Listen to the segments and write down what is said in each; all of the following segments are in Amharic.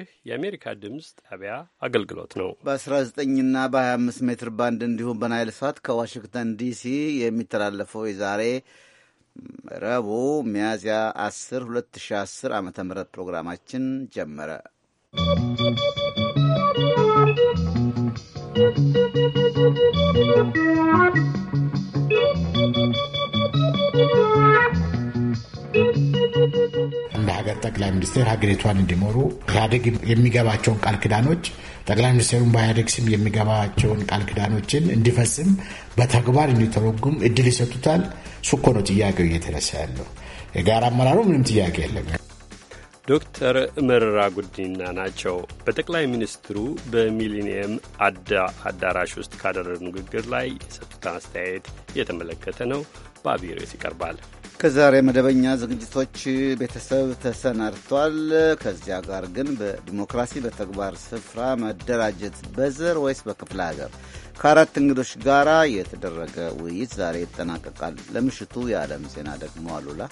ይህ የአሜሪካ ድምፅ ጣቢያ አገልግሎት ነው። በ19ና በ25 ሜትር ባንድ እንዲሁም በናይል ሳት ከዋሽንግተን ዲሲ የሚተላለፈው የዛሬ ረቡዕ ሚያዝያ 10 2010 ዓ ም ፕሮግራማችን ጀመረ። ¶¶ ጠቅላይ ሚኒስቴር ሀገሪቷን እንዲመሩ ኢህአዴግ የሚገባቸውን ቃል ክዳኖች ጠቅላይ ሚኒስትሩን በኢህአዴግ ስም የሚገባቸውን ቃል ክዳኖችን እንዲፈጽም በተግባር እንዲተረጉም እድል ይሰጡታል። ሱኮ ነው ጥያቄው እየተነሳ ያለው የጋራ አመራሩ ምንም ጥያቄ የለም። ዶክተር መረራ ጉዲና ናቸው። በጠቅላይ ሚኒስትሩ በሚሊኒየም አዳራሽ ውስጥ ካደረጉ ንግግር ላይ የሰጡት አስተያየት እየተመለከተ ነው። በአብይ ርዕስ ይቀርባል። ከዛሬ መደበኛ ዝግጅቶች ቤተሰብ ተሰናድቷል። ከዚያ ጋር ግን በዲሞክራሲ በተግባር ስፍራ መደራጀት በዘር ወይስ በክፍለ ሀገር ከአራት እንግዶች ጋር የተደረገ ውይይት ዛሬ ይጠናቀቃል። ለምሽቱ የዓለም ዜና ደግሞ አሉላ።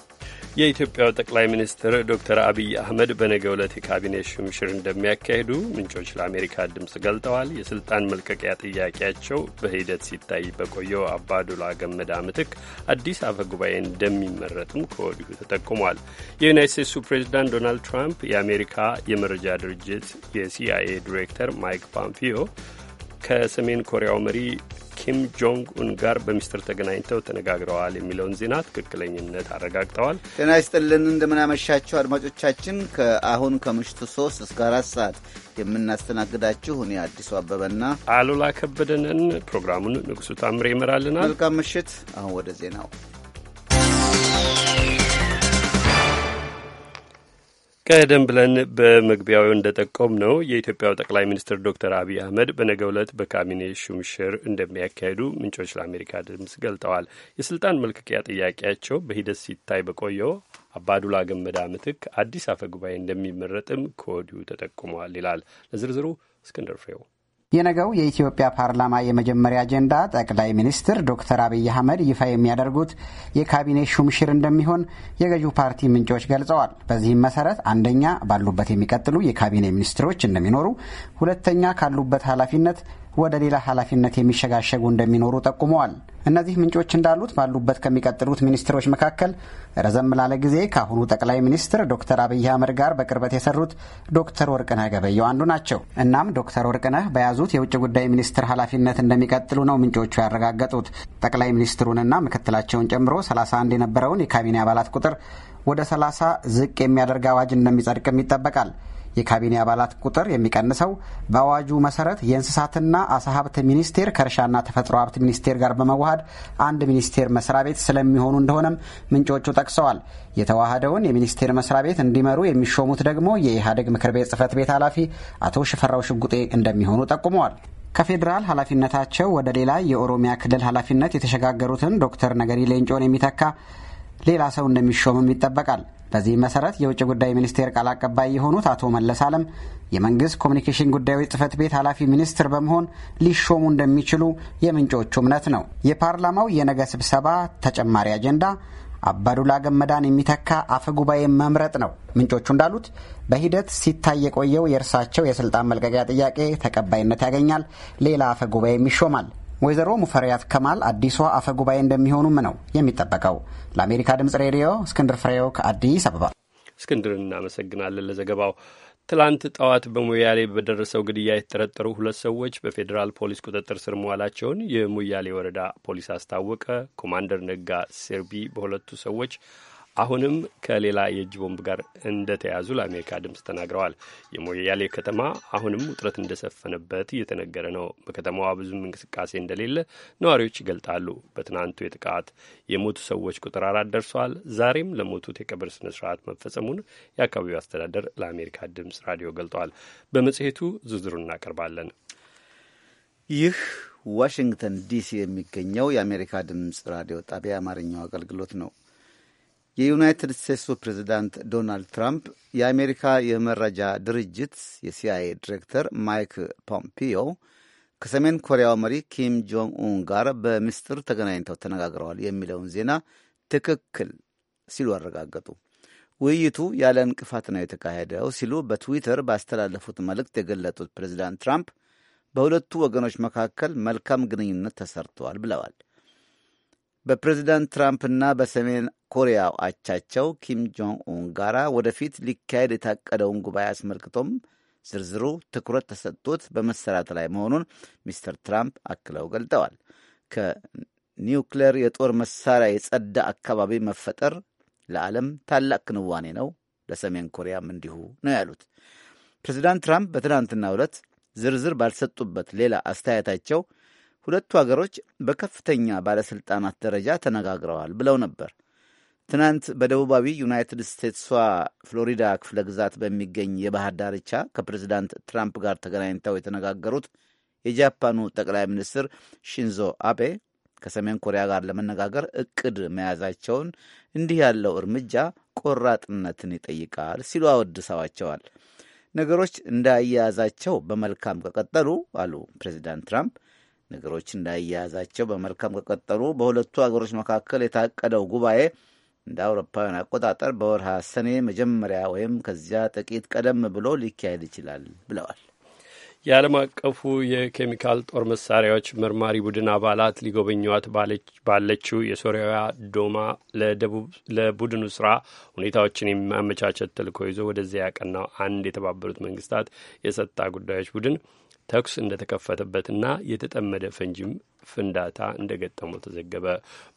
የኢትዮጵያው ጠቅላይ ሚኒስትር ዶክተር አብይ አህመድ በነገ ዕለት የካቢኔ ሹምሽር እንደሚያካሂዱ ምንጮች ለአሜሪካ ድምፅ ገልጠዋል። የስልጣን መልቀቂያ ጥያቄያቸው በሂደት ሲታይ በቆየው አባዱላ ገመዳ ምትክ አዲስ አፈ ጉባኤ እንደሚመረጥም ከወዲሁ ተጠቁሟል። የዩናይት ስቴትሱ ፕሬዚዳንት ዶናልድ ትራምፕ የአሜሪካ የመረጃ ድርጅት የሲአይኤ ዲሬክተር ማይክ ፓምፒዮ ከሰሜን ኮሪያው መሪ ኪም ጆንግ ኡን ጋር በሚስጥር ተገናኝተው ተነጋግረዋል የሚለውን ዜና ትክክለኝነት አረጋግጠዋል። ጤና ይስጥልን እንደምናመሻችሁ አድማጮቻችን። ከአሁን ከምሽቱ ሶስት እስከ አራት ሰዓት የምናስተናግዳችሁ እኔ አዲሱ አበበና አሉላ ከበደንን። ፕሮግራሙን ንጉሱ ታምሬ ይመራልናል። መልካም ምሽት። አሁን ወደ ዜናው ቀደም ብለን በመግቢያው እንደጠቆም ነው የኢትዮጵያው ጠቅላይ ሚኒስትር ዶክተር አብይ አህመድ በነገ ዕለት በካቢኔ ሹምሽር እንደሚያካሂዱ ምንጮች ለአሜሪካ ድምፅ ገልጠዋል። የስልጣን መልቀቂያ ጥያቄያቸው በሂደት ሲታይ በቆየው አባዱላ ገመዳ ምትክ አዲስ አፈ ጉባኤ እንደሚመረጥም ከወዲሁ ተጠቁመዋል ይላል። ለዝርዝሩ እስክንድር ፍሬው የነገው የኢትዮጵያ ፓርላማ የመጀመሪያ አጀንዳ ጠቅላይ ሚኒስትር ዶክተር አብይ አህመድ ይፋ የሚያደርጉት የካቢኔ ሹምሽር እንደሚሆን የገዢው ፓርቲ ምንጮች ገልጸዋል። በዚህም መሰረት አንደኛ ባሉበት የሚቀጥሉ የካቢኔ ሚኒስትሮች እንደሚኖሩ፣ ሁለተኛ ካሉበት ኃላፊነት ወደ ሌላ ኃላፊነት የሚሸጋሸጉ እንደሚኖሩ ጠቁመዋል። እነዚህ ምንጮች እንዳሉት ባሉበት ከሚቀጥሉት ሚኒስትሮች መካከል ረዘም ላለ ጊዜ ከአሁኑ ጠቅላይ ሚኒስትር ዶክተር አብይ አህመድ ጋር በቅርበት የሰሩት ዶክተር ወርቅነህ ገበየው አንዱ ናቸው። እናም ዶክተር ወርቅነህ በያዙት የውጭ ጉዳይ ሚኒስትር ኃላፊነት እንደሚቀጥሉ ነው ምንጮቹ ያረጋገጡት። ጠቅላይ ሚኒስትሩንና ምክትላቸውን ጨምሮ 31 የነበረውን የካቢኔ አባላት ቁጥር ወደ 30 ዝቅ የሚያደርግ አዋጅ እንደሚጸድቅም ይጠበቃል። የካቢኔ አባላት ቁጥር የሚቀንሰው በአዋጁ መሰረት የእንስሳትና አሳ ሀብት ሚኒስቴር ከእርሻና ተፈጥሮ ሀብት ሚኒስቴር ጋር በመዋሃድ አንድ ሚኒስቴር መስሪያ ቤት ስለሚሆኑ እንደሆነም ምንጮቹ ጠቅሰዋል። የተዋሃደውን የሚኒስቴር መስሪያ ቤት እንዲመሩ የሚሾሙት ደግሞ የኢህአዴግ ምክር ቤት ጽህፈት ቤት ኃላፊ አቶ ሽፈራው ሽጉጤ እንደሚሆኑ ጠቁመዋል። ከፌዴራል ኃላፊነታቸው ወደ ሌላ የኦሮሚያ ክልል ኃላፊነት የተሸጋገሩትን ዶክተር ነገሪ ሌንጮን የሚተካ ሌላ ሰው እንደሚሾምም ይጠበቃል። በዚህ መሰረት የውጭ ጉዳይ ሚኒስቴር ቃል አቀባይ የሆኑት አቶ መለስ አለም የመንግስት ኮሚኒኬሽን ጉዳዮች ጽህፈት ቤት ኃላፊ ሚኒስትር በመሆን ሊሾሙ እንደሚችሉ የምንጮቹ እምነት ነው። የፓርላማው የነገ ስብሰባ ተጨማሪ አጀንዳ አባዱላ ገመዳን የሚተካ አፈ ጉባኤ መምረጥ ነው። ምንጮቹ እንዳሉት በሂደት ሲታይ የቆየው የእርሳቸው የስልጣን መልቀቂያ ጥያቄ ተቀባይነት ያገኛል፣ ሌላ አፈ ጉባኤም ይሾማል። ወይዘሮ ሙፈሪያት ከማል አዲሷ አፈ ጉባኤ እንደሚሆኑም ነው የሚጠበቀው። ለአሜሪካ ድምጽ ሬዲዮ እስክንድር ፍሬው ከአዲስ አበባ። እስክንድር እናመሰግናለን ለዘገባው። ትላንት ጠዋት በሙያሌ በደረሰው ግድያ የተጠረጠሩ ሁለት ሰዎች በፌዴራል ፖሊስ ቁጥጥር ስር መዋላቸውን የሙያሌ ወረዳ ፖሊስ አስታወቀ። ኮማንደር ነጋ ሴርቢ በሁለቱ ሰዎች አሁንም ከሌላ የእጅ ቦምብ ጋር እንደተያዙ ለአሜሪካ ድምፅ ተናግረዋል። የሞያሌ ከተማ አሁንም ውጥረት እንደሰፈነበት እየተነገረ ነው። በከተማዋ ብዙም እንቅስቃሴ እንደሌለ ነዋሪዎች ይገልጣሉ። በትናንቱ የጥቃት የሞቱ ሰዎች ቁጥር አራት ደርሰዋል። ዛሬም ለሞቱት የቀብር ስነ ስርዓት መፈጸሙን የአካባቢው አስተዳደር ለአሜሪካ ድምፅ ራዲዮ ገልጧል። በመጽሔቱ ዝርዝሩን እናቀርባለን። ይህ ዋሽንግተን ዲሲ የሚገኘው የአሜሪካ ድምፅ ራዲዮ ጣቢያ የአማርኛው አገልግሎት ነው። የዩናይትድ ስቴትሱ ፕሬዚዳንት ዶናልድ ትራምፕ የአሜሪካ የመረጃ ድርጅት የሲአይኤ ዲሬክተር ማይክ ፖምፒዮ ከሰሜን ኮሪያው መሪ ኪም ጆንግ ኡን ጋር በምስጢር ተገናኝተው ተነጋግረዋል የሚለውን ዜና ትክክል ሲሉ አረጋገጡ። ውይይቱ ያለ እንቅፋት ነው የተካሄደው ሲሉ በትዊተር ባስተላለፉት መልእክት የገለጡት ፕሬዚዳንት ትራምፕ በሁለቱ ወገኖች መካከል መልካም ግንኙነት ተሰርተዋል ብለዋል። በፕሬዚዳንት ትራምፕና በሰሜን ኮሪያው አቻቸው ኪም ጆንግ ኡን ጋራ ወደፊት ሊካሄድ የታቀደውን ጉባኤ አስመልክቶም ዝርዝሩ ትኩረት ተሰጥቶት በመሰራት ላይ መሆኑን ሚስተር ትራምፕ አክለው ገልጠዋል። ከኒውክሌር የጦር መሳሪያ የጸዳ አካባቢ መፈጠር ለዓለም ታላቅ ክንዋኔ ነው፣ ለሰሜን ኮሪያም እንዲሁ ነው ያሉት ፕሬዚዳንት ትራምፕ በትናንትናው ዕለት ዝርዝር ባልሰጡበት ሌላ አስተያየታቸው ሁለቱ አገሮች በከፍተኛ ባለሥልጣናት ደረጃ ተነጋግረዋል ብለው ነበር። ትናንት በደቡባዊ ዩናይትድ ስቴትሷ ፍሎሪዳ ክፍለ ግዛት በሚገኝ የባህር ዳርቻ ከፕሬዚዳንት ትራምፕ ጋር ተገናኝተው የተነጋገሩት የጃፓኑ ጠቅላይ ሚኒስትር ሺንዞ አቤ ከሰሜን ኮሪያ ጋር ለመነጋገር እቅድ መያዛቸውን እንዲህ ያለው እርምጃ ቆራጥነትን ይጠይቃል ሲሉ አወድሰዋቸዋል። ነገሮች እንዳያያዛቸው በመልካም ከቀጠሉ አሉ ፕሬዚዳንት ትራምፕ ነገሮች እንዳያያዛቸው በመልካም ከቀጠሉ በሁለቱ አገሮች መካከል የታቀደው ጉባኤ እንደ አውሮፓውያን አቆጣጠር በወርሃ ሰኔ መጀመሪያ ወይም ከዚያ ጥቂት ቀደም ብሎ ሊካሄድ ይችላል ብለዋል። የዓለም አቀፉ የኬሚካል ጦር መሳሪያዎች መርማሪ ቡድን አባላት ሊጎበኟት ባለችው የሶሪያ ዶማ ለቡድኑ ስራ ሁኔታዎችን የሚያመቻቸት ተልእኮ ይዞ ወደዚያ ያቀናው አንድ የተባበሩት መንግስታት የጸጥታ ጉዳዮች ቡድን ተኩስ እንደተከፈተበትና የተጠመደ ፈንጂም ፍንዳታ እንደገጠመው ተዘገበ።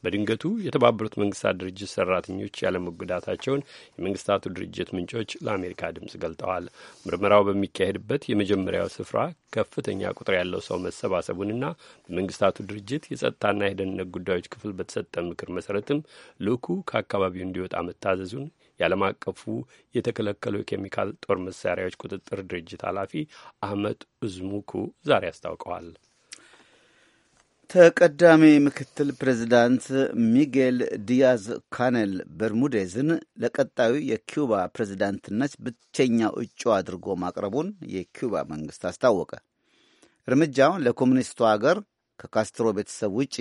በድንገቱ የተባበሩት መንግስታት ድርጅት ሰራተኞች ያለመጎዳታቸውን የመንግስታቱ ድርጅት ምንጮች ለአሜሪካ ድምፅ ገልጠዋል። ምርመራው በሚካሄድበት የመጀመሪያው ስፍራ ከፍተኛ ቁጥር ያለው ሰው መሰባሰቡንና በመንግስታቱ ድርጅት የጸጥታና የደህንነት ጉዳዮች ክፍል በተሰጠ ምክር መሰረትም ልኩ ከአካባቢው እንዲወጣ መታዘዙን የዓለም አቀፉ የተከለከሉ የኬሚካል ጦር መሳሪያዎች ቁጥጥር ድርጅት ኃላፊ አህመድ እዝሙኩ ዛሬ አስታውቀዋል። ተቀዳሚ ምክትል ፕሬዚዳንት ሚጌል ዲያዝ ካነል በርሙዴዝን ለቀጣዩ የኪዩባ ፕሬዚዳንትነት ብቸኛው እጩ አድርጎ ማቅረቡን የኪዩባ መንግሥት አስታወቀ። እርምጃው ለኮሚኒስቱ አገር ከካስትሮ ቤተሰብ ውጪ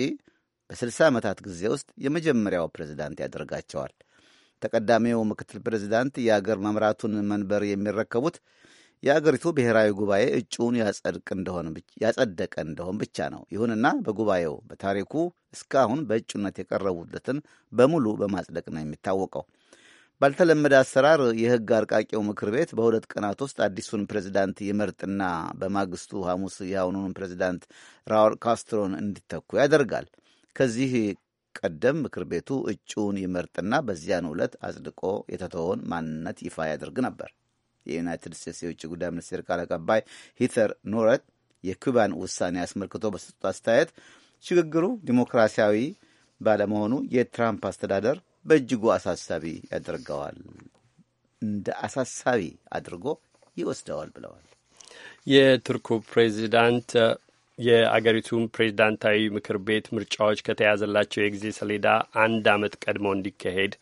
በ60 ዓመታት ጊዜ ውስጥ የመጀመሪያው ፕሬዚዳንት ያደርጋቸዋል። ተቀዳሚው ምክትል ፕሬዚዳንት የአገር መምራቱን መንበር የሚረከቡት የአገሪቱ ብሔራዊ ጉባኤ እጩውን ያጸደቀ እንደሆን ብቻ ነው። ይሁንና በጉባኤው በታሪኩ እስካሁን በእጩነት የቀረቡለትን በሙሉ በማጽደቅ ነው የሚታወቀው። ባልተለመደ አሰራር የሕግ አርቃቂው ምክር ቤት በሁለት ቀናት ውስጥ አዲሱን ፕሬዚዳንት ይመርጥና በማግስቱ ሐሙስ የአሁኑን ፕሬዚዳንት ራውል ካስትሮን እንዲተኩ ያደርጋል። ከዚህ ቀደም ምክር ቤቱ እጩውን ይመርጥና በዚያን ዕለት አጽድቆ የተተወውን ማንነት ይፋ ያደርግ ነበር። የዩናይትድ ስቴትስ የውጭ ጉዳይ ሚኒስቴር ቃል አቀባይ ሂተር ኖረት የኩባን ውሳኔ አስመልክቶ በሰጡት አስተያየት ሽግግሩ ዲሞክራሲያዊ ባለመሆኑ የትራምፕ አስተዳደር በእጅጉ አሳሳቢ ያደርገዋል፣ እንደ አሳሳቢ አድርጎ ይወስደዋል ብለዋል። የቱርኩ ፕሬዚዳንት የአገሪቱን ፕሬዚዳንታዊ ምክር ቤት ምርጫዎች ከተያዘላቸው የጊዜ ሰሌዳ አንድ ዓመት ቀድሞ እንዲካሄድ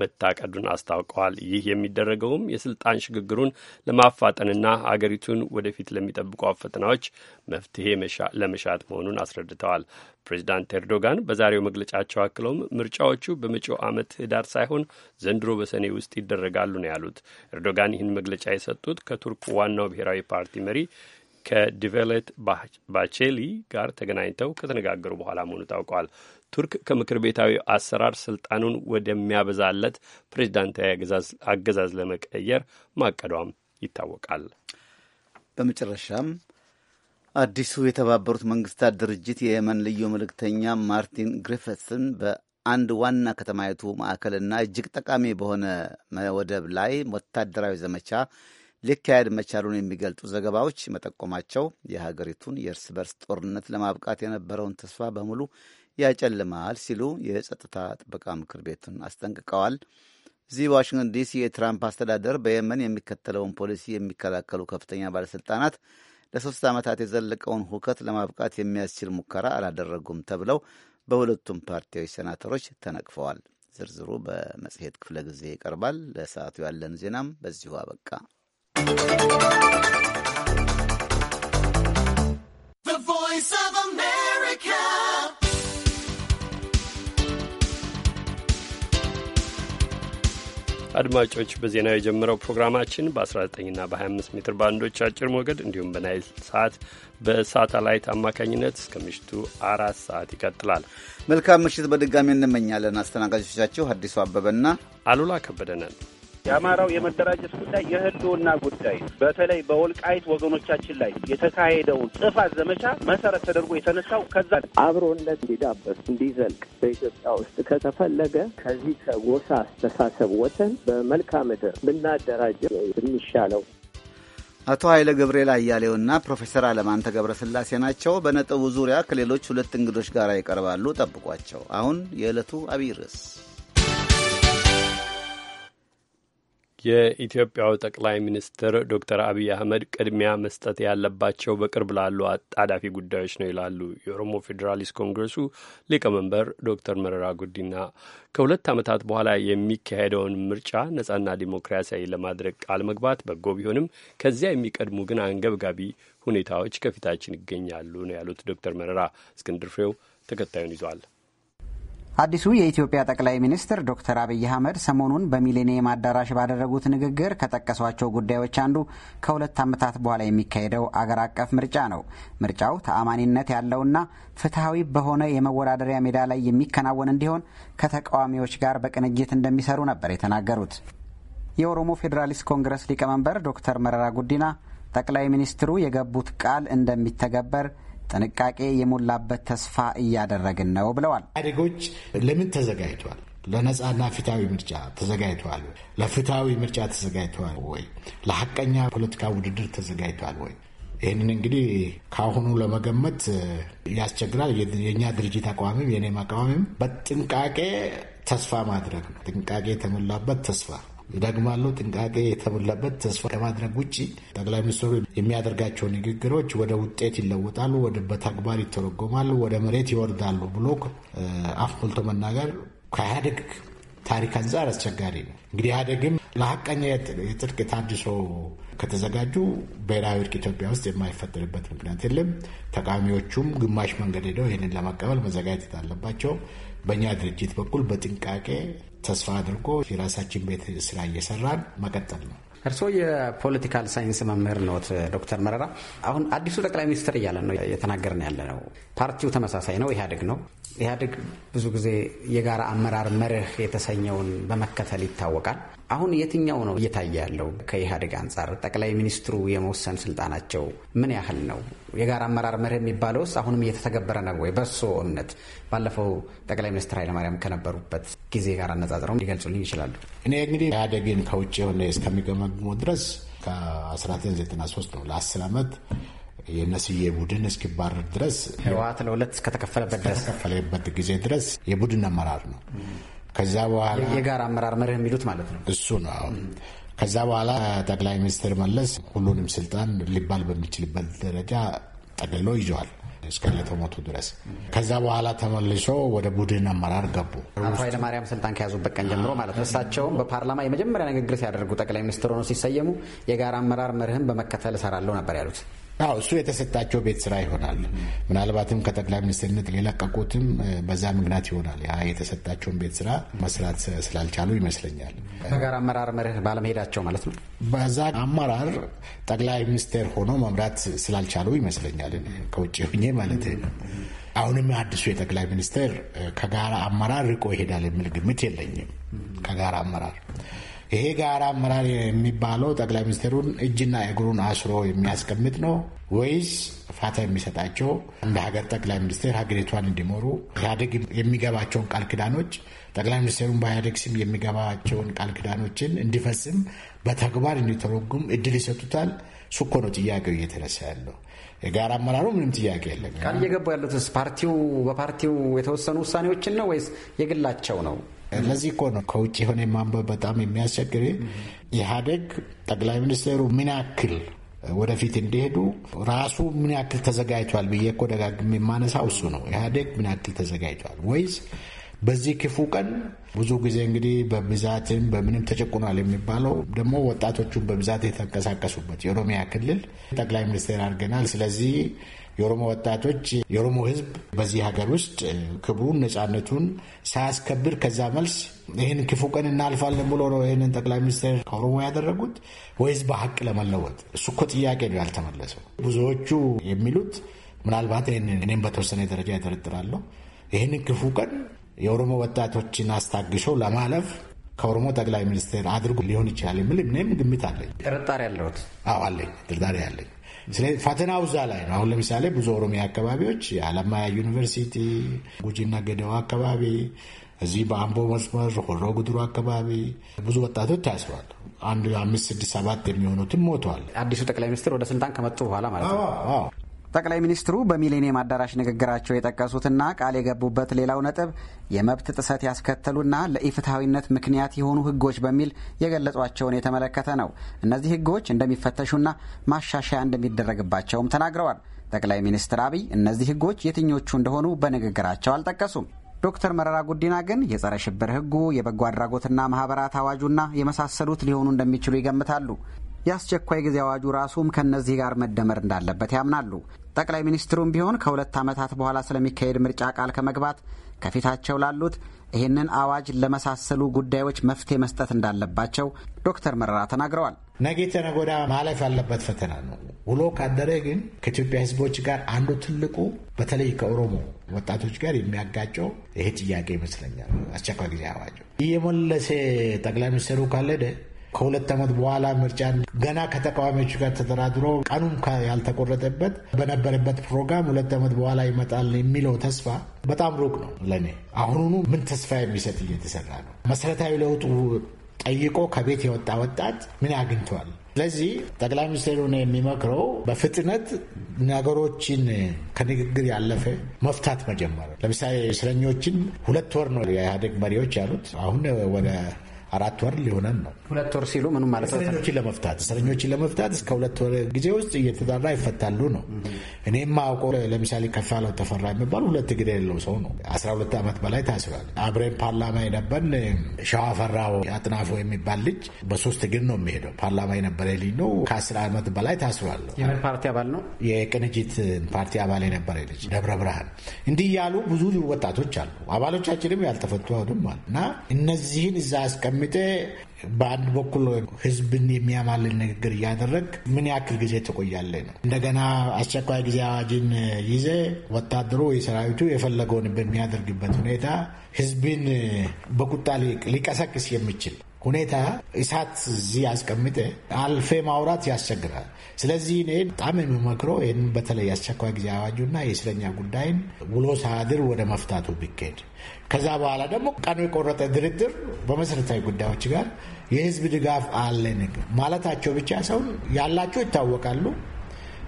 መታቀዱን አስታውቀዋል። ይህ የሚደረገውም የስልጣን ሽግግሩን ለማፋጠንና አገሪቱን ወደፊት ለሚጠብቁ ፈተናዎች መፍትሄ ለመሻት መሆኑን አስረድተዋል። ፕሬዚዳንት ኤርዶጋን በዛሬው መግለጫቸው አክለውም ምርጫዎቹ በመጪው ዓመት ህዳር ሳይሆን ዘንድሮ በሰኔ ውስጥ ይደረጋሉ ነው ያሉት። ኤርዶጋን ይህን መግለጫ የሰጡት ከቱርክ ዋናው ብሔራዊ ፓርቲ መሪ ከዲቨሌት ባቼሊ ጋር ተገናኝተው ከተነጋገሩ በኋላ መሆኑ ታውቋል። ቱርክ ከምክር ቤታዊ አሰራር ስልጣኑን ወደሚያበዛለት ፕሬዚዳንታዊ አገዛዝ ለመቀየር ማቀዷም ይታወቃል። በመጨረሻም አዲሱ የተባበሩት መንግስታት ድርጅት የየመን ልዩ መልእክተኛ ማርቲን ግሪፍስን በአንድ ዋና ከተማይቱ ማዕከልና እጅግ ጠቃሚ በሆነ ወደብ ላይ ወታደራዊ ዘመቻ ሊካሄድ መቻሉን የሚገልጡ ዘገባዎች መጠቆማቸው የሀገሪቱን የእርስ በርስ ጦርነት ለማብቃት የነበረውን ተስፋ በሙሉ ያጨልማል ሲሉ የጸጥታ ጥበቃ ምክር ቤቱን አስጠንቅቀዋል። እዚህ ዋሽንግተን ዲሲ የትራምፕ አስተዳደር በየመን የሚከተለውን ፖሊሲ የሚከላከሉ ከፍተኛ ባለሥልጣናት ለሶስት ዓመታት የዘለቀውን ሁከት ለማብቃት የሚያስችል ሙከራ አላደረጉም ተብለው በሁለቱም ፓርቲዎች ሴናተሮች ተነቅፈዋል። ዝርዝሩ በመጽሔት ክፍለ ጊዜ ይቀርባል። ለሰዓቱ ያለን ዜናም በዚሁ አበቃ። አድማጮች በዜና የጀመረው ፕሮግራማችን በ19ና በ25 ሜትር ባንዶች አጭር ሞገድ እንዲሁም በናይል ሰዓት በሳተላይት አማካኝነት እስከ ምሽቱ አራት ሰዓት ይቀጥላል። መልካም ምሽት በድጋሚ እንመኛለን። አስተናጋጆቻችሁ አዲሱ አበበና አሉላ ከበደ ነን። የአማራው የመደራጀት ጉዳይ የህልውና ጉዳይ በተለይ በወልቃይት ወገኖቻችን ላይ የተካሄደውን ጥፋት ዘመቻ መሰረት ተደርጎ የተነሳው ከዛ አብሮነት እንዲዳበስ እንዲዘልቅ በኢትዮጵያ ውስጥ ከተፈለገ ከዚህ ከጎሳ አስተሳሰብ ወተን በመልካ ምድር ብናደራጀ የሚሻለው። አቶ ኃይለ ገብርኤል አያሌውና ፕሮፌሰር አለማንተ ገብረስላሴ ናቸው። በነጥቡ ዙሪያ ከሌሎች ሁለት እንግዶች ጋር ይቀርባሉ። ጠብቋቸው። አሁን የዕለቱ አብይ ርዕስ የኢትዮጵያው ጠቅላይ ሚኒስትር ዶክተር አብይ አህመድ ቅድሚያ መስጠት ያለባቸው በቅርብ ላሉ አጣዳፊ ጉዳዮች ነው ይላሉ የኦሮሞ ፌዴራሊስት ኮንግረሱ ሊቀመንበር ዶክተር መረራ ጉዲና። ከሁለት ዓመታት በኋላ የሚካሄደውን ምርጫ ነጻና ዲሞክራሲያዊ ለማድረግ ቃል መግባት በጎ ቢሆንም ከዚያ የሚቀድሙ ግን አንገብጋቢ ሁኔታዎች ከፊታችን ይገኛሉ ነው ያሉት ዶክተር መረራ። እስክንድር ፍሬው ተከታዩን ይዟል። አዲሱ የኢትዮጵያ ጠቅላይ ሚኒስትር ዶክተር አብይ አህመድ ሰሞኑን በሚሌኒየም አዳራሽ ባደረጉት ንግግር ከጠቀሷቸው ጉዳዮች አንዱ ከሁለት ዓመታት በኋላ የሚካሄደው አገር አቀፍ ምርጫ ነው። ምርጫው ተአማኒነት ያለውና ፍትሐዊ በሆነ የመወዳደሪያ ሜዳ ላይ የሚከናወን እንዲሆን ከተቃዋሚዎች ጋር በቅንጅት እንደሚሰሩ ነበር የተናገሩት። የኦሮሞ ፌዴራሊስት ኮንግረስ ሊቀመንበር ዶክተር መረራ ጉዲና ጠቅላይ ሚኒስትሩ የገቡት ቃል እንደሚተገበር ጥንቃቄ የሞላበት ተስፋ እያደረግን ነው ብለዋል። ኢህአዴጎች ለምን ተዘጋጅቷል? ለነጻና ፍትሐዊ ምርጫ ተዘጋጅተዋል ወይ? ለፍትሐዊ ምርጫ ተዘጋጅተዋል ወይ? ለሀቀኛ ፖለቲካ ውድድር ተዘጋጅተዋል ወይ? ይህንን እንግዲህ ከአሁኑ ለመገመት ያስቸግራል። የእኛ ድርጅት አቋምም የኔም አቋምም በጥንቃቄ ተስፋ ማድረግ ነው። ጥንቃቄ የተሞላበት ተስፋ ይደግማለሁ፣ ጥንቃቄ የተሞላበት ተስፋ ከማድረግ ውጭ ጠቅላይ ሚኒስትሩ የሚያደርጋቸው ንግግሮች ወደ ውጤት ይለወጣሉ፣ ወደ በተግባር ይተረጎማሉ፣ ወደ መሬት ይወርዳሉ ብሎ አፍ ሞልቶ መናገር ከኢህአዴግ ታሪክ አንጻር አስቸጋሪ ነው። እንግዲህ ኢህአዴግም ለሀቀኛ የጽድቅ ታድሶ ከተዘጋጁ ብሔራዊ እርቅ ኢትዮጵያ ውስጥ የማይፈጠርበት ምክንያት የለም። ተቃዋሚዎቹም ግማሽ መንገድ ሄደው ይህንን ለመቀበል መዘጋጀት አለባቸው። በእኛ ድርጅት በኩል በጥንቃቄ ተስፋ አድርጎ የራሳችን ቤት ስራ እየሰራን መቀጠል ነው። እርስዎ የፖለቲካል ሳይንስ መምህር ኖት ዶክተር መረራ። አሁን አዲሱ ጠቅላይ ሚኒስትር እያለ ነው እየተናገርን ያለ ነው። ፓርቲው ተመሳሳይ ነው፣ ኢህአዴግ ነው። ኢህአዴግ ብዙ ጊዜ የጋራ አመራር መርህ የተሰኘውን በመከተል ይታወቃል። አሁን የትኛው ነው እየታየ ያለው? ከኢህአዴግ አንጻር ጠቅላይ ሚኒስትሩ የመወሰን ስልጣናቸው ምን ያህል ነው? የጋራ አመራር መርህ የሚባለውስ አሁንም እየተተገበረ ነው ወይ? በእርሶ እምነት ባለፈው ጠቅላይ ሚኒስትር ኃይለማርያም ከነበሩበት ጊዜ ጋር አነጻጽረው ሊገልጹልኝ ይችላሉ? እኔ እንግዲህ ኢህአዴግን ከውጭ የሆነ እስከሚገመግሞ ድረስ ከ1993 ነው ለ10 ዓመት የነስዬ ቡድን እስኪባረር ድረስ ህወሓት ለሁለት እስከተከፈለበት ድረስ ጊዜ ድረስ የቡድን አመራር ነው። ከዛ በኋላ የጋራ አመራር መርህ የሚሉት ማለት ነው እሱ ነው ከዛ በኋላ ጠቅላይ ሚኒስትር መለስ ሁሉንም ስልጣን ሊባል በሚችልበት ደረጃ ጠቅልሎ ይዘዋል እስከለተ ድረስ። ከዛ በኋላ ተመልሶ ወደ ቡድን አመራር ገቡ። አቶ ኃይለማርያም ስልጣን ከያዙበት ቀን ጀምሮ ማለት ነው። እሳቸውም በፓርላማ የመጀመሪያ ንግግር ሲያደርጉ ጠቅላይ ሚኒስትር ሆኖ ሲሰየሙ የጋራ አመራር መርህን በመከተል እሰራለሁ ነበር ያሉት። አዎ እሱ የተሰጣቸው ቤት ስራ ይሆናል። ምናልባትም ከጠቅላይ ሚኒስትርነት የለቀቁትም በዛ ምክንያት ይሆናል። ያ የተሰጣቸውን ቤት ስራ መስራት ስላልቻሉ ይመስለኛል። በጋራ አመራር መርህ ባለመሄዳቸው ማለት ነው። በዛ አመራር ጠቅላይ ሚኒስትር ሆኖ መምራት ስላልቻሉ ይመስለኛል። ከውጭ ሆኜ ማለት ነው። አሁንም አዲሱ የጠቅላይ ሚኒስትር ከጋራ አመራር ርቆ ይሄዳል የሚል ግምት የለኝም። ከጋራ አመራር ይሄ ጋራ አመራር የሚባለው ጠቅላይ ሚኒስትሩን እጅና እግሩን አስሮ የሚያስቀምጥ ነው ወይስ ፋታ የሚሰጣቸው እንደ ሀገር ጠቅላይ ሚኒስትር ሀገሪቷን እንዲመሩ ኢህአዴግ የሚገባቸውን ቃል ኪዳኖች ጠቅላይ ሚኒስትሩን በኢህአዴግ ስም የሚገባቸውን ቃል ኪዳኖችን እንዲፈጽም በተግባር እንዲተረጉም እድል ይሰጡታል? ሱኮ ነው ጥያቄው እየተነሳ ያለው። የጋራ አመራሩ ምንም ጥያቄ የለም። ቃል እየገቡ ያሉትስ ፓርቲው በፓርቲው የተወሰኑ ውሳኔዎችን ነው ወይስ የግላቸው ነው? ለዚህ እኮ ነው ከውጭ የሆነ ማንበብ በጣም የሚያስቸግር። ኢህአዴግ ጠቅላይ ሚኒስትሩ ምን ያክል ወደፊት እንዲሄዱ ራሱ ምን ያክል ተዘጋጅቷል ብዬ እኮ ደጋግሜ የማነሳው እሱ ነው። ኢህአዴግ ምን ያክል ተዘጋጅቷል ወይስ በዚህ ክፉ ቀን ብዙ ጊዜ እንግዲህ በብዛትም በምንም ተጨቁኗል የሚባለው ደግሞ ወጣቶቹን በብዛት የተንቀሳቀሱበት የኦሮሚያ ክልል ጠቅላይ ሚኒስትር አድርገናል። ስለዚህ የኦሮሞ ወጣቶች የኦሮሞ ህዝብ በዚህ ሀገር ውስጥ ክብሩን፣ ነጻነቱን ሳያስከብር ከዛ መልስ ይህን ክፉ ቀን እናልፋለን ብሎ ነው ይህንን ጠቅላይ ሚኒስትር ከኦሮሞ ያደረጉት ወይስ በሀቅ ለመለወጥ? እሱ እኮ ጥያቄ ነው ያልተመለሰው። ብዙዎቹ የሚሉት ምናልባት ይህንን እኔም በተወሰነ ደረጃ ያጠረጥራለሁ። ይህንን ክፉ ቀን የኦሮሞ ወጣቶችን አስታግሸው ለማለፍ ከኦሮሞ ጠቅላይ ሚኒስትር አድርጎ ሊሆን ይችላል የሚል እኔም ግምት አለኝ፣ ጥርጣሬ አለሁት። አለኝ፣ ጥርጣሬ አለኝ። ፈተናው እዛ ላይ ነው። አሁን ለምሳሌ ብዙ ኦሮሚያ አካባቢዎች የአለማያ ዩኒቨርሲቲ ጉጂና ገደው አካባቢ እዚህ በአምቦ መስመር ሆሮ ጉድሩ አካባቢ ብዙ ወጣቶች ታስሯል። አንድ አምስት ስድስት ሰባት የሚሆኑትም ሞቷል። አዲሱ ጠቅላይ ሚኒስትር ወደ ስልጣን ከመጡ በኋላ ማለት ነው። ጠቅላይ ሚኒስትሩ በሚሌኒየም አዳራሽ ንግግራቸው የጠቀሱትና ቃል የገቡበት ሌላው ነጥብ የመብት ጥሰት ያስከተሉና ለኢፍትሐዊነት ምክንያት የሆኑ ህጎች በሚል የገለጿቸውን የተመለከተ ነው። እነዚህ ህጎች እንደሚፈተሹና ማሻሻያ እንደሚደረግባቸውም ተናግረዋል። ጠቅላይ ሚኒስትር አብይ እነዚህ ህጎች የትኞቹ እንደሆኑ በንግግራቸው አልጠቀሱም። ዶክተር መረራ ጉዲና ግን የጸረ ሽብር ህጉ፣ የበጎ አድራጎትና ማህበራት አዋጁና የመሳሰሉት ሊሆኑ እንደሚችሉ ይገምታሉ። የአስቸኳይ ጊዜ አዋጁ ራሱም ከእነዚህ ጋር መደመር እንዳለበት ያምናሉ። ጠቅላይ ሚኒስትሩም ቢሆን ከሁለት ዓመታት በኋላ ስለሚካሄድ ምርጫ ቃል ከመግባት ከፊታቸው ላሉት ይህንን አዋጅ ለመሳሰሉ ጉዳዮች መፍትሄ መስጠት እንዳለባቸው ዶክተር መረራ ተናግረዋል። ነገ ተነገ ወዲያ ማለፍ ያለበት ፈተና ነው። ውሎ ካደረ ግን ከኢትዮጵያ ሕዝቦች ጋር አንዱ ትልቁ በተለይ ከኦሮሞ ወጣቶች ጋር የሚያጋጨው ይሄ ጥያቄ ይመስለኛል። አስቸኳይ ጊዜ አዋጁ እየመለሰ ጠቅላይ ሚኒስትሩ ካልሄደ ከሁለት ዓመት በኋላ ምርጫ ገና ከተቃዋሚዎች ጋር ተደራድሮ ቀኑም ያልተቆረጠበት በነበረበት ፕሮግራም ሁለት ዓመት በኋላ ይመጣል የሚለው ተስፋ በጣም ሩቅ ነው ለእኔ። አሁኑኑ ምን ተስፋ የሚሰጥ እየተሰራ ነው? መሰረታዊ ለውጡ ጠይቆ ከቤት የወጣ ወጣት ምን አግኝቷል? ስለዚህ ጠቅላይ ሚኒስትሩ ነው የሚመክረው በፍጥነት ነገሮችን ከንግግር ያለፈ መፍታት መጀመር። ለምሳሌ እስረኞችን ሁለት ወር ነው የኢህአዴግ መሪዎች ያሉት። አሁን ወደ አራት ወር ሊሆነን ነው። ሁለት ወር ሲሉ ምንም ማለት እስረኞችን ለመፍታት እስረኞችን ለመፍታት እስከ ሁለት ወር ጊዜ ውስጥ እየተጣራ ይፈታሉ ነው። እኔም አውቀው ለምሳሌ ከፋለው ተፈራ የሚባል ሁለት እግር የሌለው ሰው ነው። አስራ ሁለት ዓመት በላይ ታስሯል። አብሬን ፓርላማ የነበርን ፈራው አጥናፎ የሚባል ልጅ በሶስት እግር ነው የሚሄደው። ፓርላማ የነበረ ልጅ ነው። ከአስር ዓመት በላይ ታስሯል። የምን ፓርቲ አባል ነው? የቅንጅት ፓርቲ አባል የነበረ ልጅ ደብረ ብርሃን። እንዲህ ያሉ ብዙ ወጣቶች አሉ። አባሎቻችንም ያልተፈቱ አሉ እና እነዚህን እዛ አስቀም ተቀምጠ በአንድ በኩል ህዝብን የሚያማልን ንግግር እያደረግ ምን ያክል ጊዜ ትቆያለ ነው። እንደገና አስቸኳይ ጊዜ አዋጅን ይዜ ወታደሩ ወይ ሰራዊቱ የፈለገውን በሚያደርግበት ሁኔታ ህዝብን በቁጣ ሊቀሰቅስ የሚችል ሁኔታ እሳት እዚህ አስቀምጠ አልፌ ማውራት ያስቸግራል። ስለዚህ እኔ በጣም የሚመክረው ይህን በተለይ አስቸኳይ ጊዜ አዋጁና የእስረኛ ጉዳይን ውሎ ሳድር ወደ መፍታቱ ቢካሄድ ከዛ በኋላ ደግሞ ቀኑ የቆረጠ ድርድር በመሰረታዊ ጉዳዮች ጋር የህዝብ ድጋፍ አለን ማለታቸው ብቻ ሰው ያላቸው ይታወቃሉ።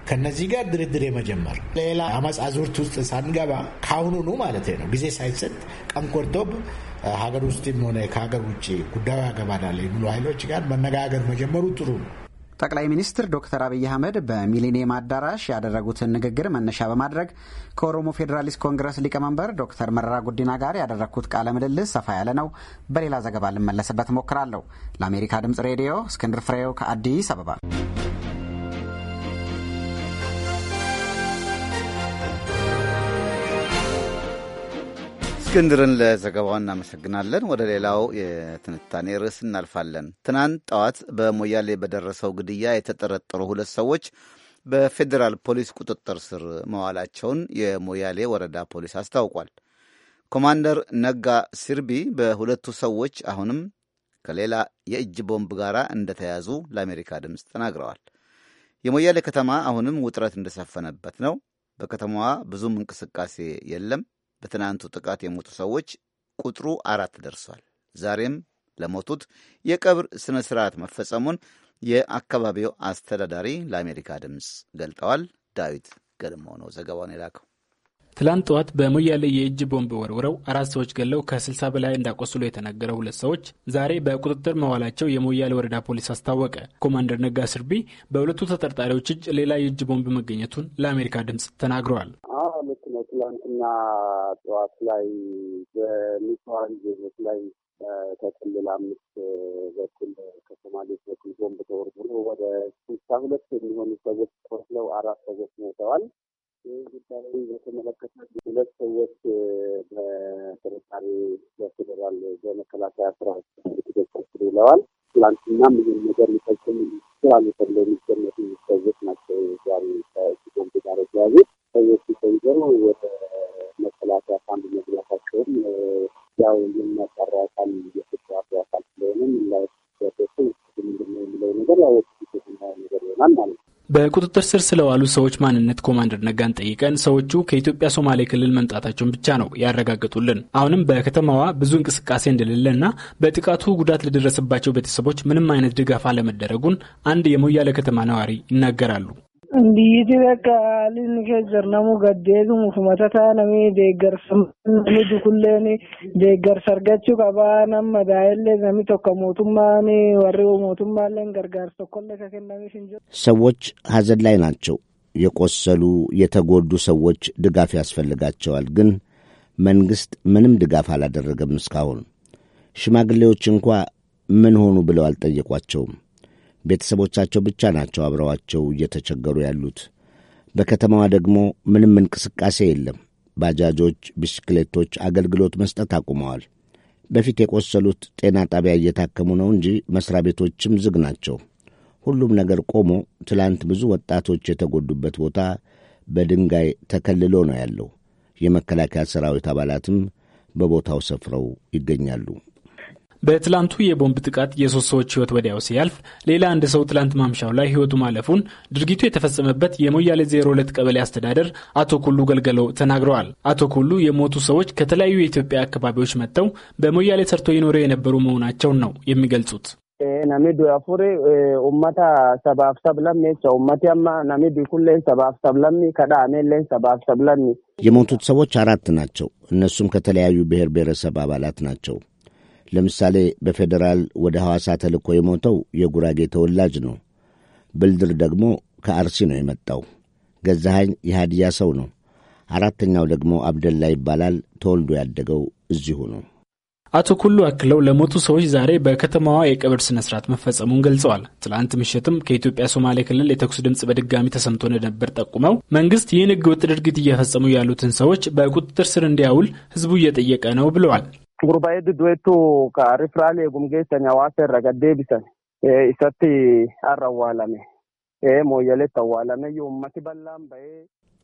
ከነዚህ ጋር ድርድር የመጀመር ሌላ አመፅ አዙርት ውስጥ ሳንገባ ከአሁኑኑ ማለት ነው ጊዜ ሳይሰጥ ቀን ቆርጦ ሀገር ውስጥም ሆነ ከሀገር ውጭ ጉዳዩ ያገባናል የሚሉ ኃይሎች ጋር መነጋገር መጀመሩ ጥሩ ነው። ጠቅላይ ሚኒስትር ዶክተር አብይ አህመድ በሚሊኒየም አዳራሽ ያደረጉትን ንግግር መነሻ በማድረግ ከኦሮሞ ፌዴራሊስት ኮንግረስ ሊቀመንበር ዶክተር መረራ ጉዲና ጋር ያደረግኩት ቃለ ምልልስ ሰፋ ያለ ነው። በሌላ ዘገባ ልመለስበት እሞክራለሁ። ለአሜሪካ ድምጽ ሬዲዮ እስክንድር ፍሬው ከአዲስ አበባ እስክንድርን ለዘገባው እናመሰግናለን። ወደ ሌላው የትንታኔ ርዕስ እናልፋለን። ትናንት ጠዋት በሞያሌ በደረሰው ግድያ የተጠረጠሩ ሁለት ሰዎች በፌዴራል ፖሊስ ቁጥጥር ስር መዋላቸውን የሞያሌ ወረዳ ፖሊስ አስታውቋል። ኮማንደር ነጋ ሲርቢ በሁለቱ ሰዎች አሁንም ከሌላ የእጅ ቦምብ ጋር እንደተያዙ ለአሜሪካ ድምፅ ተናግረዋል። የሞያሌ ከተማ አሁንም ውጥረት እንደሰፈነበት ነው። በከተማዋ ብዙም እንቅስቃሴ የለም። በትናንቱ ጥቃት የሞቱ ሰዎች ቁጥሩ አራት ደርሷል። ዛሬም ለሞቱት የቀብር ስነ ስርዓት መፈጸሙን የአካባቢው አስተዳዳሪ ለአሜሪካ ድምፅ ገልጠዋል። ዳዊት ገልሞ ነው ዘገባውን የላከው። ትላንት ጠዋት በሞያሌ የእጅ ቦምብ ወርውረው አራት ሰዎች ገለው ከ60 በላይ እንዳቆስሉ የተነገረው ሁለት ሰዎች ዛሬ በቁጥጥር መዋላቸው የሞያሌ ወረዳ ፖሊስ አስታወቀ። ኮማንደር ነጋ ስርቢ በሁለቱ ተጠርጣሪዎች እጅ ሌላ የእጅ ቦምብ መገኘቱን ለአሜሪካ ድምፅ ተናግረዋል። ልክ ትላንትና ጠዋት ላይ በሚስዋሪ ዜጎች ላይ ከክልል አምስት በኩል ከሶማሌዎች በኩል ቦምብ ተወርውሮ ወደ ስልሳ ሁለት የሚሆኑ ሰዎች ቆስለው አራት ሰዎች ሞተዋል። ይህ ጉዳይ በተመለከተ ሁለት ሰዎች በጥርጣሬ በፌዴራል በመከላከያ ስራዎች ተጠርጥረው ይለዋል። ትላንትና ምንም ነገር ሊፈጽም ይችላሉ ተብለው የሚገመቱ ሰዎች ናቸው ዛሬ ከቦምብ ጋር የተያዙት። ሰዎች ተይዘው ወደ መከላከያ ካምፕ መግባታቸውም ያው የሚያጠራ አካል የፍትዋቱ አካል ስለሆነ ላይ ደረሱ ምንድነው የሚለው ነገር ያው ነገር ይሆናል ማለት ነው። በቁጥጥር ስር ስለዋሉ ሰዎች ማንነት ኮማንደር ነጋን ጠይቀን ሰዎቹ ከኢትዮጵያ ሶማሌ ክልል መምጣታቸውን ብቻ ነው ያረጋግጡልን። አሁንም በከተማዋ ብዙ እንቅስቃሴ እንደሌለ እና በጥቃቱ ጉዳት ለደረሰባቸው ቤተሰቦች ምንም አይነት ድጋፍ አለመደረጉን አንድ የሞያሌ ከተማ ነዋሪ ይናገራሉ። biyyi bakka haalli kee jarnamu gaddeesuuf matataa namni deeggarsa namni dukulleen deeggarsa argachuu qabaa nama daa'illee namni tokko mootummaan warri mootummaallee gargaarsa tokkollee ከከናሚሽ እንጂ ሰዎች ሐዘን ላይ ናቸው። የቆሰሉ የተጎዱ ሰዎች ድጋፍ ያስፈልጋቸዋል። ግን መንግሥት ምንም ድጋፍ አላደረገም እስካሁን። ሽማግሌዎች እንኳ ምን ሆኑ ብለው አልጠየቋቸውም። ቤተሰቦቻቸው ብቻ ናቸው አብረዋቸው እየተቸገሩ ያሉት። በከተማዋ ደግሞ ምንም እንቅስቃሴ የለም። ባጃጆች፣ ብስክሌቶች አገልግሎት መስጠት አቁመዋል። በፊት የቆሰሉት ጤና ጣቢያ እየታከሙ ነው እንጂ መሥሪያ ቤቶችም ዝግ ናቸው። ሁሉም ነገር ቆሞ፣ ትላንት ብዙ ወጣቶች የተጎዱበት ቦታ በድንጋይ ተከልሎ ነው ያለው። የመከላከያ ሰራዊት አባላትም በቦታው ሰፍረው ይገኛሉ። በትላንቱ የቦምብ ጥቃት የሶስት ሰዎች ህይወት ወዲያው ሲያልፍ ሌላ አንድ ሰው ትላንት ማምሻው ላይ ህይወቱ ማለፉን ድርጊቱ የተፈጸመበት የሞያሌ ሁለት ቀበሌ አስተዳደር አቶ ኩሉ ገልገለው ተናግረዋል። አቶ ኩሉ የሞቱ ሰዎች ከተለያዩ የኢትዮጵያ አካባቢዎች መጥተው በሞያሌ ሰርቶ ይኖረው የነበሩ መሆናቸውን ነው የሚገልጹት። ናሚዱ ኡመታ ሰባፍ ሰብለሚ ናሚዱ ሰባፍ ሰብለሚ ሰባፍ ሰብለሚ የሞቱት ሰዎች አራት ናቸው። እነሱም ከተለያዩ ብሔር ብሔረሰብ አባላት ናቸው። ለምሳሌ በፌዴራል ወደ ሐዋሳ ተልኮ የሞተው የጉራጌ ተወላጅ ነው። ብልድር ደግሞ ከአርሲ ነው የመጣው። ገዛሃኝ የሃዲያ ሰው ነው። አራተኛው ደግሞ አብደላ ይባላል። ተወልዶ ያደገው እዚሁ ነው። አቶ ኩሉ አክለው ለሞቱ ሰዎች ዛሬ በከተማዋ የቀብር ስነ ስርዓት መፈጸሙን ገልጸዋል። ትላንት ምሽትም ከኢትዮጵያ ሶማሌ ክልል የተኩስ ድምፅ በድጋሚ ተሰምቶ እንደነበር ጠቁመው መንግስት ይህን ህገወጥ ድርጊት እየፈጸሙ ያሉትን ሰዎች በቁጥጥር ስር እንዲያውል ህዝቡ እየጠየቀ ነው ብለዋል። gurbaa'ee duddueetu ka rifiraalee eegum hawaasa irra gad deebisan isatti harra awwaalame ሞየሌት አዋላነ የኡመት በላም በ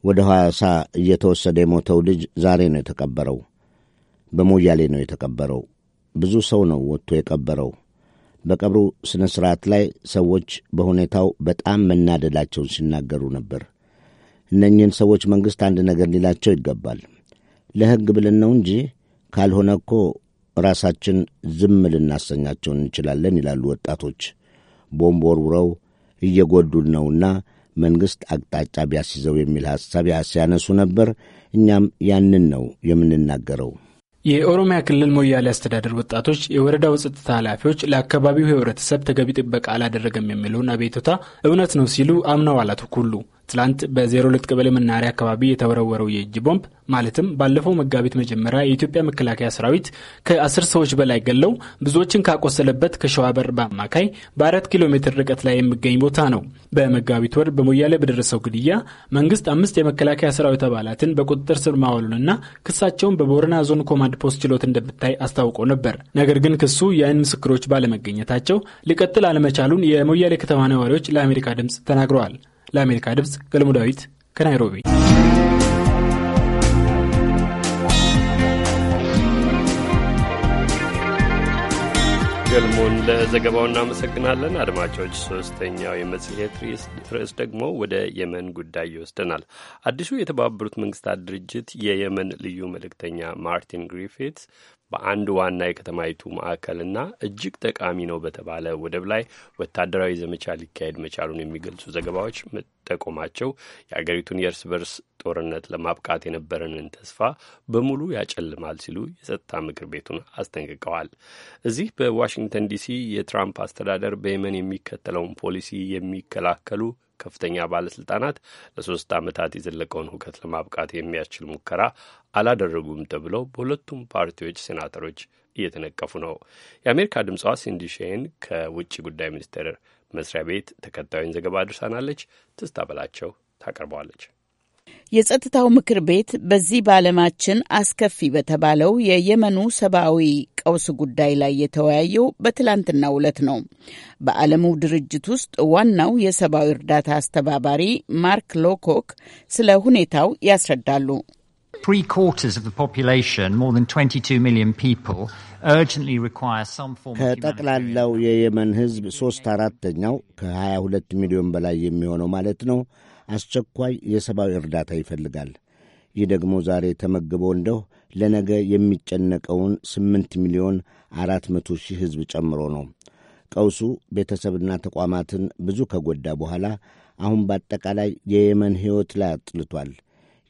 ወደ ሐዋሳ እየተወሰደ የሞተው ልጅ ዛሬ ነው የተቀበረው። በሞያሌ ነው የተቀበረው። ብዙ ሰው ነው ወጥቶ የቀበረው። በቀብሩ ሥነ ሥርዓት ላይ ሰዎች በሁኔታው በጣም መናደዳቸውን ሲናገሩ ነበር። እነኚህን ሰዎች መንግሥት አንድ ነገር ሊላቸው ይገባል። ለሕግ ብለን ነው እንጂ ካልሆነ እኮ ራሳችን ዝም ልናሰኛቸውን እንችላለን ይላሉ ወጣቶች። ቦምብ ወርውረው እየጎዱን ነውና መንግሥት አቅጣጫ ቢያስይዘው የሚል ሐሳብ ሲያነሱ ነበር። እኛም ያንን ነው የምንናገረው። የኦሮሚያ ክልል ሞያሌ አስተዳደር ወጣቶች የወረዳው ጸጥታ ኃላፊዎች ለአካባቢው የህብረተሰብ ተገቢ ጥበቃ አላደረገም የሚለውን አቤቱታ እውነት ነው ሲሉ አምነዋል አቶ ትላንት በ02 ቀበሌ መናኸሪያ አካባቢ የተወረወረው የእጅ ቦምብ ማለትም ባለፈው መጋቢት መጀመሪያ የኢትዮጵያ መከላከያ ሰራዊት ከአስር ሰዎች በላይ ገለው ብዙዎችን ካቆሰለበት ከሸዋ በር በአማካይ በአራት ኪሎ ሜትር ርቀት ላይ የሚገኝ ቦታ ነው። በመጋቢት ወር በሞያሌ በደረሰው ግድያ መንግስት አምስት የመከላከያ ሰራዊት አባላትን በቁጥጥር ስር ማዋሉንና ክሳቸውን በቦረና ዞን ኮማንድ ፖስት ችሎት እንደምታይ አስታውቆ ነበር። ነገር ግን ክሱ የአይን ምስክሮች ባለመገኘታቸው ሊቀጥል አለመቻሉን የሞያሌ ከተማ ነዋሪዎች ለአሜሪካ ድምፅ ተናግረዋል። ለአሜሪካ ድምፅ ገልሞ ዳዊት ከናይሮቢ ገልሞን ለዘገባው እናመሰግናለን። አድማጮች፣ ሶስተኛው የመጽሔት ርዕስ ደግሞ ወደ የመን ጉዳይ ይወስደናል። አዲሱ የተባበሩት መንግስታት ድርጅት የየመን ልዩ መልእክተኛ ማርቲን ግሪፊትስ በአንድ ዋና የከተማይቱ ማዕከልና እጅግ ጠቃሚ ነው በተባለ ወደብ ላይ ወታደራዊ ዘመቻ ሊካሄድ መቻሉን የሚገልጹ ዘገባዎች መጠቆማቸው የአገሪቱን የእርስ በርስ ጦርነት ለማብቃት የነበረንን ተስፋ በሙሉ ያጨልማል ሲሉ የጸጥታ ምክር ቤቱን አስጠንቅቀዋል። እዚህ በዋሽንግተን ዲሲ የትራምፕ አስተዳደር በየመን የሚከተለውን ፖሊሲ የሚከላከሉ ከፍተኛ ባለስልጣናት ለሶስት ዓመታት የዘለቀውን ሁከት ለማብቃት የሚያስችል ሙከራ አላደረጉም ተብለው በሁለቱም ፓርቲዎች ሴናተሮች እየተነቀፉ ነው። የአሜሪካ ድምፅዋ ሲንዲ ሼን ከውጭ ጉዳይ ሚኒስቴር መስሪያ ቤት ተከታዩን ዘገባ አድርሳናለች። ትስታ በላቸው ታቀርበዋለች። የጸጥታው ምክር ቤት በዚህ በዓለማችን አስከፊ በተባለው የየመኑ ሰብአዊ ቀውስ ጉዳይ ላይ የተወያየው በትላንትና ዕለት ነው። በዓለሙ ድርጅት ውስጥ ዋናው የሰብአዊ እርዳታ አስተባባሪ ማርክ ሎኮክ ስለ ሁኔታው ያስረዳሉ። ከጠቅላላው የየመን ሕዝብ ሶስት አራተኛው ከ22 ሚሊዮን በላይ የሚሆነው ማለት ነው አስቸኳይ የሰብአዊ እርዳታ ይፈልጋል። ይህ ደግሞ ዛሬ ተመግቦ እንደው ለነገ የሚጨነቀውን ስምንት ሚሊዮን አራት መቶ ሺህ ሕዝብ ጨምሮ ነው። ቀውሱ ቤተሰብና ተቋማትን ብዙ ከጎዳ በኋላ አሁን በአጠቃላይ የየመን ሕይወት ላይ አጥልቷል።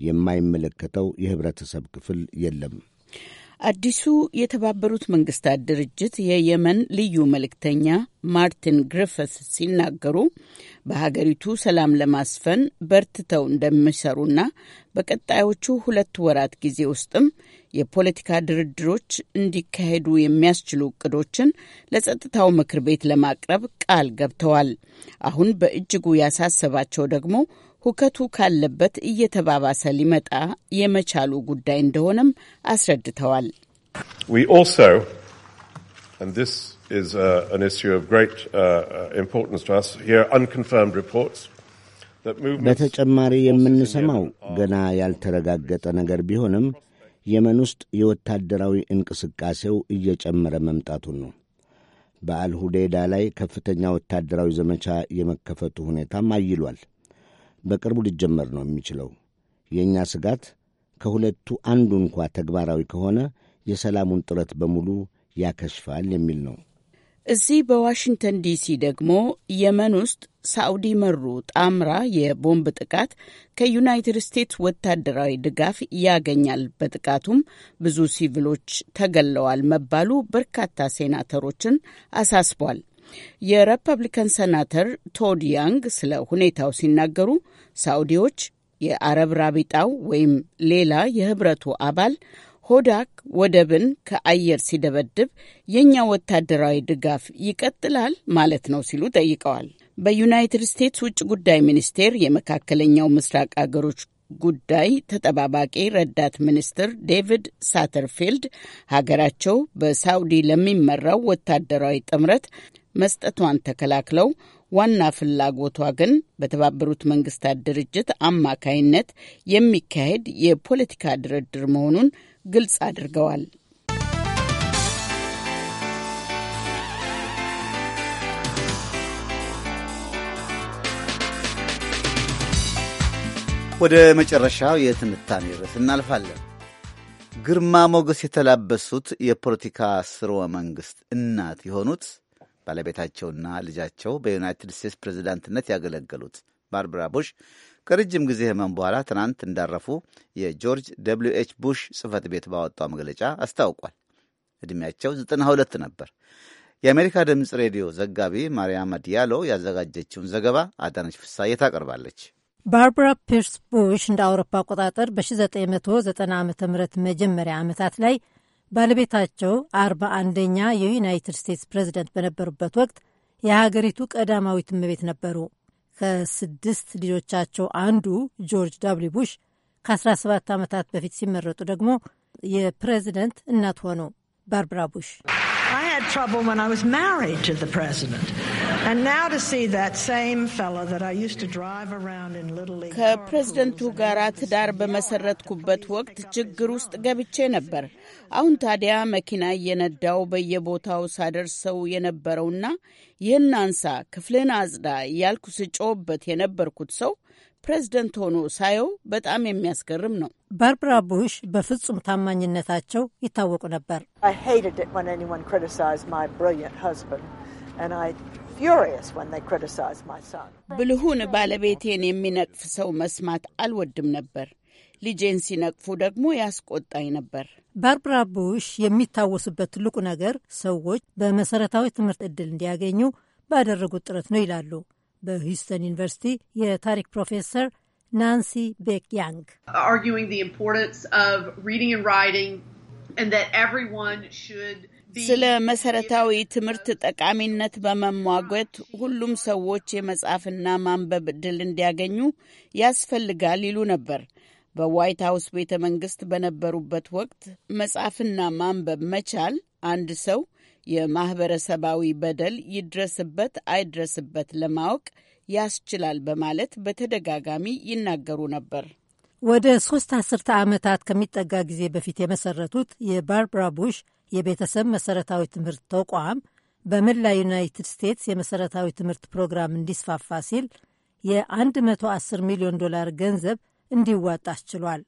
የማይመለከተው የህብረተሰብ ክፍል የለም። አዲሱ የተባበሩት መንግስታት ድርጅት የየመን ልዩ መልእክተኛ ማርቲን ግሪፍስ ሲናገሩ በሀገሪቱ ሰላም ለማስፈን በርትተው እንደሚሰሩና በቀጣዮቹ ሁለት ወራት ጊዜ ውስጥም የፖለቲካ ድርድሮች እንዲካሄዱ የሚያስችሉ እቅዶችን ለጸጥታው ምክር ቤት ለማቅረብ ቃል ገብተዋል። አሁን በእጅጉ ያሳሰባቸው ደግሞ ሁከቱ ካለበት እየተባባሰ ሊመጣ የመቻሉ ጉዳይ እንደሆነም አስረድተዋል። is uh, an issue of great uh, uh importance to us. Here are unconfirmed reports. በተጨማሪ የምንሰማው ገና ያልተረጋገጠ ነገር ቢሆንም የመን ውስጥ የወታደራዊ እንቅስቃሴው እየጨመረ መምጣቱን ነው። በአልሁዴዳ ላይ ከፍተኛ ወታደራዊ ዘመቻ የመከፈቱ ሁኔታም አይሏል። በቅርቡ ሊጀመር ነው የሚችለው። የእኛ ስጋት ከሁለቱ አንዱ እንኳ ተግባራዊ ከሆነ የሰላሙን ጥረት በሙሉ ያከሽፋል የሚል ነው። እዚህ በዋሽንግተን ዲሲ ደግሞ የመን ውስጥ ሳዑዲ መሩ ጣምራ የቦምብ ጥቃት ከዩናይትድ ስቴትስ ወታደራዊ ድጋፍ ያገኛል። በጥቃቱም ብዙ ሲቪሎች ተገለዋል መባሉ በርካታ ሴናተሮችን አሳስቧል። የሪፐብሊካን ሰናተር ቶድ ያንግ ስለ ሁኔታው ሲናገሩ ሳዑዲዎች የአረብ ራቢጣው ወይም ሌላ የህብረቱ አባል ሆዳክ ወደብን ከአየር ሲደበድብ የእኛ ወታደራዊ ድጋፍ ይቀጥላል ማለት ነው ሲሉ ጠይቀዋል። በዩናይትድ ስቴትስ ውጭ ጉዳይ ሚኒስቴር የመካከለኛው ምስራቅ አገሮች ጉዳይ ተጠባባቂ ረዳት ሚኒስትር ዴቪድ ሳተርፊልድ ሀገራቸው በሳውዲ ለሚመራው ወታደራዊ ጥምረት መስጠቷን ተከላክለው ዋና ፍላጎቷ ግን በተባበሩት መንግስታት ድርጅት አማካይነት የሚካሄድ የፖለቲካ ድርድር መሆኑን ግልጽ አድርገዋል። ወደ መጨረሻው የትንታኔ ርዕስ እናልፋለን። ግርማ ሞገስ የተላበሱት የፖለቲካ ስርወ መንግሥት እናት የሆኑት ባለቤታቸውና ልጃቸው በዩናይትድ ስቴትስ ፕሬዚዳንትነት ያገለገሉት ባርብራ ቡሽ ከረጅም ጊዜ ህመም በኋላ ትናንት እንዳረፉ የጆርጅ ደብሊው ኤች ቡሽ ጽህፈት ቤት ባወጣው መግለጫ አስታውቋል። ዕድሜያቸው 92 ነበር። የአሜሪካ ድምፅ ሬዲዮ ዘጋቢ ማርያም ዲያሎ ያዘጋጀችውን ዘገባ አዳነች ፍሳዬ ታቀርባለች። ባርባራ ፒርስ ቡሽ እንደ አውሮፓ አቆጣጠር በ1990 ዓ ም መጀመሪያ ዓመታት ላይ ባለቤታቸው አርባ አንደኛ የዩናይትድ ስቴትስ ፕሬዚደንት በነበሩበት ወቅት የሀገሪቱ ቀዳማዊት እመቤት ነበሩ። ከስድስት ልጆቻቸው አንዱ ጆርጅ ዳብሊው ቡሽ ከ17 ዓመታት በፊት ሲመረጡ ደግሞ የፕሬዚደንት እናት ሆነው ባርብራ ቡሽ I had trouble when I was married to the president. And now to see that same fella that I used to drive around in Little League. ከፕሬዝደንቱ ጋር ትዳር በመሰረትኩበት ወቅት ችግር ውስጥ ገብቼ ነበር። አሁን ታዲያ መኪና እየነዳው በየቦታው ሳደርሰው የነበረውና ይህን አንሳ፣ ክፍልን አጽዳ እያልኩ ስጮህበት የነበርኩት ሰው ፕሬዝደንት ሆኖ ሳየው በጣም የሚያስገርም ነው። ባርብራ ቡሽ በፍጹም ታማኝነታቸው ይታወቁ ነበር። ብልሁን ባለቤቴን የሚነቅፍ ሰው መስማት አልወድም ነበር። ልጄን ሲነቅፉ ደግሞ ያስቆጣኝ ነበር። ባርብራ ቡሽ የሚታወሱበት ትልቁ ነገር ሰዎች በመሰረታዊ ትምህርት ዕድል እንዲያገኙ ባደረጉት ጥረት ነው ይላሉ በሂውስተን ዩኒቨርሲቲ የታሪክ ፕሮፌሰር ናንሲ ቤክ ያንግ ስለ መሰረታዊ ትምህርት ጠቃሚነት በመሟገት ሁሉም ሰዎች የመጻፍና ማንበብ እድል እንዲያገኙ ያስፈልጋል ይሉ ነበር። በዋይት ሀውስ ቤተ መንግስት በነበሩበት ወቅት መጻፍና ማንበብ መቻል አንድ ሰው የማህበረሰባዊ በደል ይድረስበት አይድረስበት ለማወቅ ያስችላል በማለት በተደጋጋሚ ይናገሩ ነበር። ወደ ሶስት አስርተ ዓመታት ከሚጠጋ ጊዜ በፊት የመሰረቱት የባርብራ ቡሽ የቤተሰብ መሰረታዊ ትምህርት ተቋም በመላ ዩናይትድ ስቴትስ የመሰረታዊ ትምህርት ፕሮግራም እንዲስፋፋ ሲል የ110 ሚሊዮን ዶላር ገንዘብ እንዲዋጣ አስችሏል።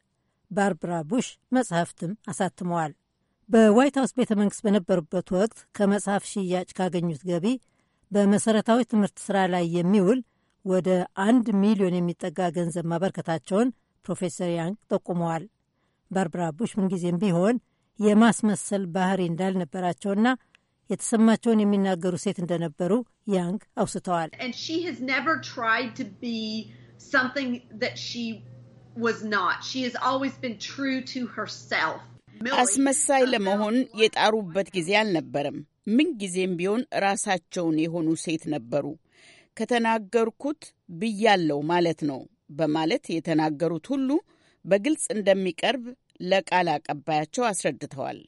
ባርብራ ቡሽ መጽሐፍትም አሳትመዋል። በዋይት ሀውስ ቤተ መንግስት በነበሩበት ወቅት ከመጽሐፍ ሽያጭ ካገኙት ገቢ በመሰረታዊ ትምህርት ስራ ላይ የሚውል ወደ አንድ ሚሊዮን የሚጠጋ ገንዘብ ማበርከታቸውን ፕሮፌሰር ያንግ ጠቁመዋል። ባርብራ ቡሽ ምንጊዜም ቢሆን የማስመሰል ባህሪ እንዳልነበራቸውና የተሰማቸውን የሚናገሩ ሴት እንደነበሩ ያንግ አውስተዋል። አስመሳይ ለመሆን የጣሩበት ጊዜ አልነበረም። ምንጊዜም ቢሆን ራሳቸውን የሆኑ ሴት ነበሩ። ከተናገርኩት ብያለው ማለት ነው በማለት የተናገሩት ሁሉ በግልጽ እንደሚቀርብ ለቃል አቀባያቸው አስረድተዋል።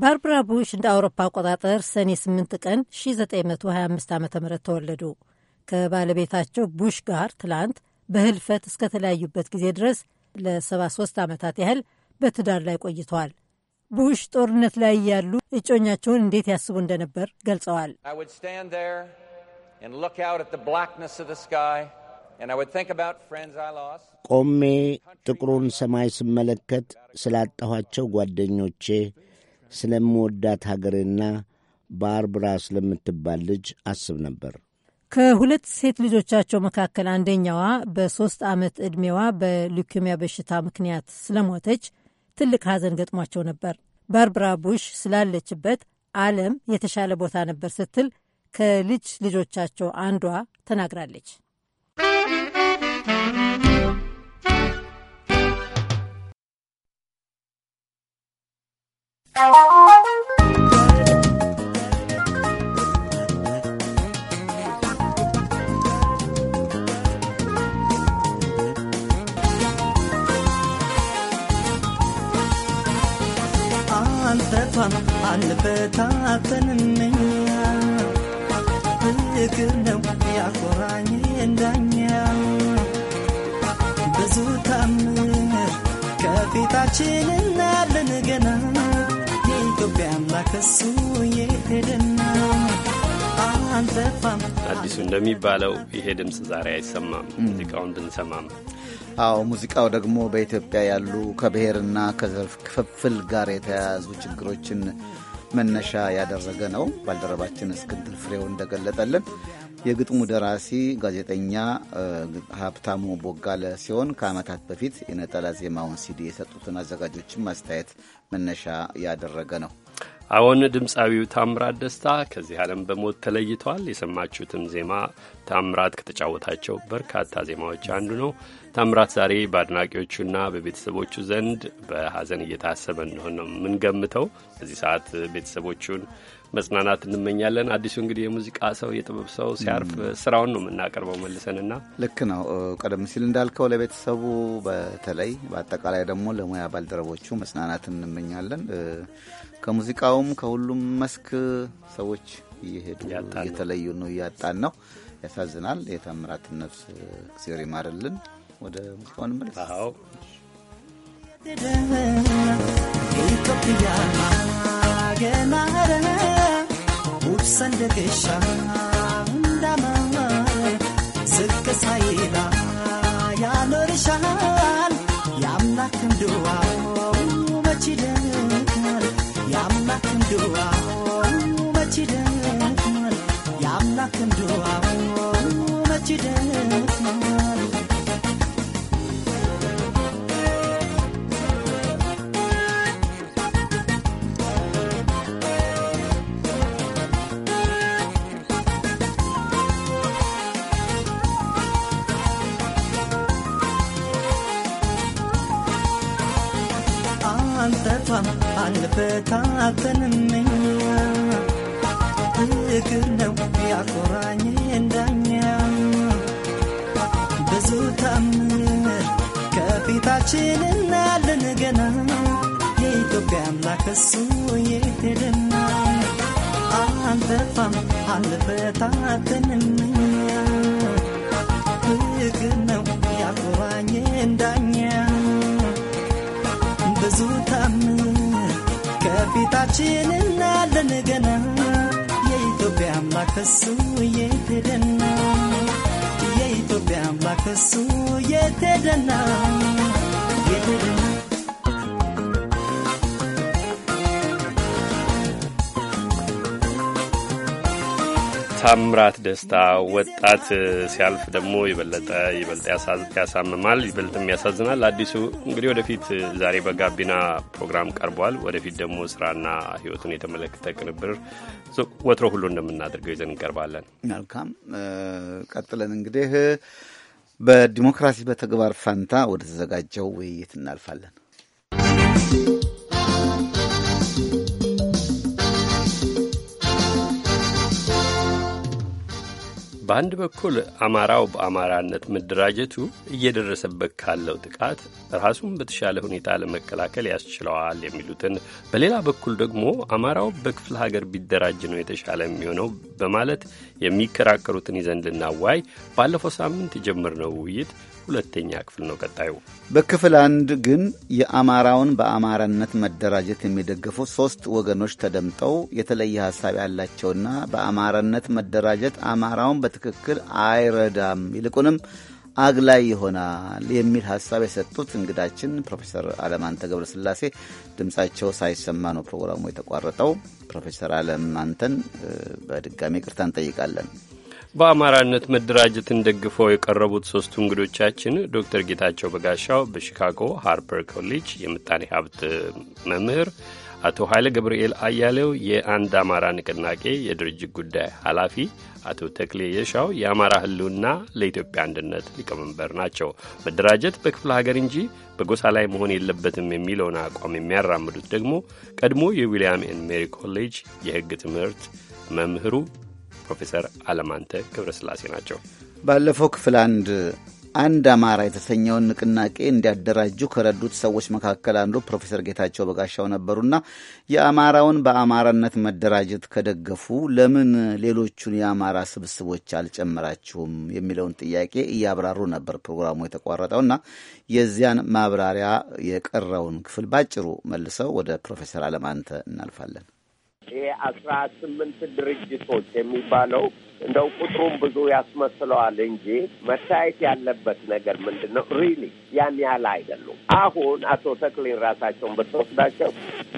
ባርብራ ቡሽ እንደ አውሮፓ አቆጣጠር ሰኔ 8 ቀን 1925 ዓ ም ተወለዱ። ከባለቤታቸው ቡሽ ጋር ትላንት በህልፈት እስከተለያዩበት ጊዜ ድረስ ለ73 ዓመታት ያህል በትዳር ላይ ቆይተዋል። ቡሽ ጦርነት ላይ ያሉ እጮኛቸውን እንዴት ያስቡ እንደነበር ገልጸዋል። ቆሜ ጥቁሩን ሰማይ ስመለከት ስላጣኋቸው ጓደኞቼ፣ ስለምወዳት ሀገሬና ባርብራ ስለምትባል ልጅ አስብ ነበር። ከሁለት ሴት ልጆቻቸው መካከል አንደኛዋ በሦስት ዓመት ዕድሜዋ በሉኪሚያ በሽታ ምክንያት ስለሞተች ትልቅ ሐዘን ገጥሟቸው ነበር። ባርብራ ቡሽ ስላለችበት ዓለም የተሻለ ቦታ ነበር ስትል ከልጅ ልጆቻቸው አንዷ ተናግራለች። እንኳን አልበታተንም እኛ ፍቅር ነው ያቆራኝ እንዳኛ ብዙ ታምር ከፊታችን እናያለን ገና የኢትዮጵያ አምላክ እሱ የሄደና አዲሱ እንደሚባለው ይሄ ድምፅ ዛሬ አይሰማም ሙዚቃውን ብንሰማም አዎ ሙዚቃው ደግሞ በኢትዮጵያ ያሉ ከብሔርና ከዘርፍ ክፍፍል ጋር የተያያዙ ችግሮችን መነሻ ያደረገ ነው። ባልደረባችን እስክንድር ፍሬው እንደገለጠልን የግጥሙ ደራሲ ጋዜጠኛ ሀብታሙ ቦጋለ ሲሆን ከዓመታት በፊት የነጠላ ዜማውን ሲዲ የሰጡትን አዘጋጆችን ማስተያየት መነሻ ያደረገ ነው። አሁን ድምፃዊው ታምራት ደስታ ከዚህ ዓለም በሞት ተለይቷል። የሰማችሁትም ዜማ ታምራት ከተጫወታቸው በርካታ ዜማዎች አንዱ ነው። ታምራት ዛሬ በአድናቂዎቹና በቤተሰቦቹ ዘንድ በሐዘን እየታሰበ እንደሆን ነው የምንገምተው። በዚህ ሰዓት ቤተሰቦቹን መጽናናት እንመኛለን። አዲሱ እንግዲህ የሙዚቃ ሰው የጥበብ ሰው ሲያርፍ ስራውን ነው የምናቀርበው መልሰንና ልክ ነው። ቀደም ሲል እንዳልከው ለቤተሰቡ በተለይ በአጠቃላይ ደግሞ ለሙያ ባልደረቦቹ መጽናናት እንመኛለን። ከሙዚቃውም ከሁሉም መስክ ሰዎች እየሄዱ እየተለዩ ነው፣ እያጣን ነው። ያሳዝናል። የታምራት ነፍስ እግዚአብሔር ይማርልን። ወደ ሙዚቃው እንመለስ። አዎ የኢትዮጵያ ተፈታተንኛ ነው ያኮራኝ እንዳኛ ብዙ ተአምር ከፊታችን እናያለን ገና የኢትዮጵያ አምላክ እሱ ከፊታችን እናለን ገና የኢትዮጵያ አምላክ እሱ የት ሄደና የኢትዮጵያ አምላክ እሱ የት ሄደና ታምራት ደስታ ወጣት ሲያልፍ ደግሞ የበለጠ ይበልጥ ያሳምማል፣ ይበልጥም ያሳዝናል። አዲሱ እንግዲህ ወደፊት ዛሬ በጋቢና ፕሮግራም ቀርቧል። ወደፊት ደግሞ ስራና ህይወቱን የተመለከተ ቅንብር ወትሮ ሁሉ እንደምናደርገው ይዘን እንቀርባለን። መልካም ቀጥለን እንግዲህ በዲሞክራሲ በተግባር ፋንታ ወደተዘጋጀው ውይይት እናልፋለን። በአንድ በኩል አማራው በአማራነት መደራጀቱ እየደረሰበት ካለው ጥቃት ራሱን በተሻለ ሁኔታ ለመከላከል ያስችለዋል የሚሉትን፣ በሌላ በኩል ደግሞ አማራው በክፍለ ሀገር ቢደራጅ ነው የተሻለ የሚሆነው በማለት የሚከራከሩትን ይዘን ልናዋይ ባለፈው ሳምንት የጀመርነው ውይይት ሁለተኛ ክፍል ነው ቀጣዩ። በክፍል አንድ ግን የአማራውን በአማራነት መደራጀት የሚደግፉ ሶስት ወገኖች ተደምጠው የተለየ ሀሳብ ያላቸውና በአማራነት መደራጀት አማራውን በትክክል አይረዳም፣ ይልቁንም አግላይ ይሆናል የሚል ሀሳብ የሰጡት እንግዳችን ፕሮፌሰር አለማንተ ገብረስላሴ ድምጻቸው ሳይሰማ ነው ፕሮግራሙ የተቋረጠው። ፕሮፌሰር አለማንተን በድጋሚ ቅርታ እንጠይቃለን። በአማራነት መደራጀትን ደግፈው የቀረቡት ሶስቱ እንግዶቻችን ዶክተር ጌታቸው በጋሻው በሺካጎ ሃርፐር ኮሌጅ የምጣኔ ሀብት መምህር፣ አቶ ኃይለ ገብርኤል አያሌው የአንድ አማራ ንቅናቄ የድርጅት ጉዳይ ኃላፊ፣ አቶ ተክሌ የሻው የአማራ ህልውና ለኢትዮጵያ አንድነት ሊቀመንበር ናቸው። መደራጀት በክፍለ ሀገር እንጂ በጎሳ ላይ መሆን የለበትም የሚለውን አቋም የሚያራምዱት ደግሞ ቀድሞ የዊልያም ኤን ሜሪ ኮሌጅ የህግ ትምህርት መምህሩ ፕሮፌሰር አለማንተ ገብረስላሴ ናቸው። ባለፈው ክፍል አንድ አንድ አማራ የተሰኘውን ንቅናቄ እንዲያደራጁ ከረዱት ሰዎች መካከል አንዱ ፕሮፌሰር ጌታቸው በጋሻው ነበሩና የአማራውን በአማራነት መደራጀት ከደገፉ ለምን ሌሎቹን የአማራ ስብስቦች አልጨመራችሁም የሚለውን ጥያቄ እያብራሩ ነበር ፕሮግራሙ የተቋረጠውና የዚያን ማብራሪያ የቀረውን ክፍል ባጭሩ መልሰው ወደ ፕሮፌሰር አለማንተ እናልፋለን። ይሄ አስራ ስምንት ድርጅቶች የሚባለው እንደው ቁጥሩም ብዙ ያስመስለዋል እንጂ መታየት ያለበት ነገር ምንድን ነው? ሪሊ ያን ያህል አይደሉም። አሁን አቶ ተክሊን ራሳቸውን ብትወስዳቸው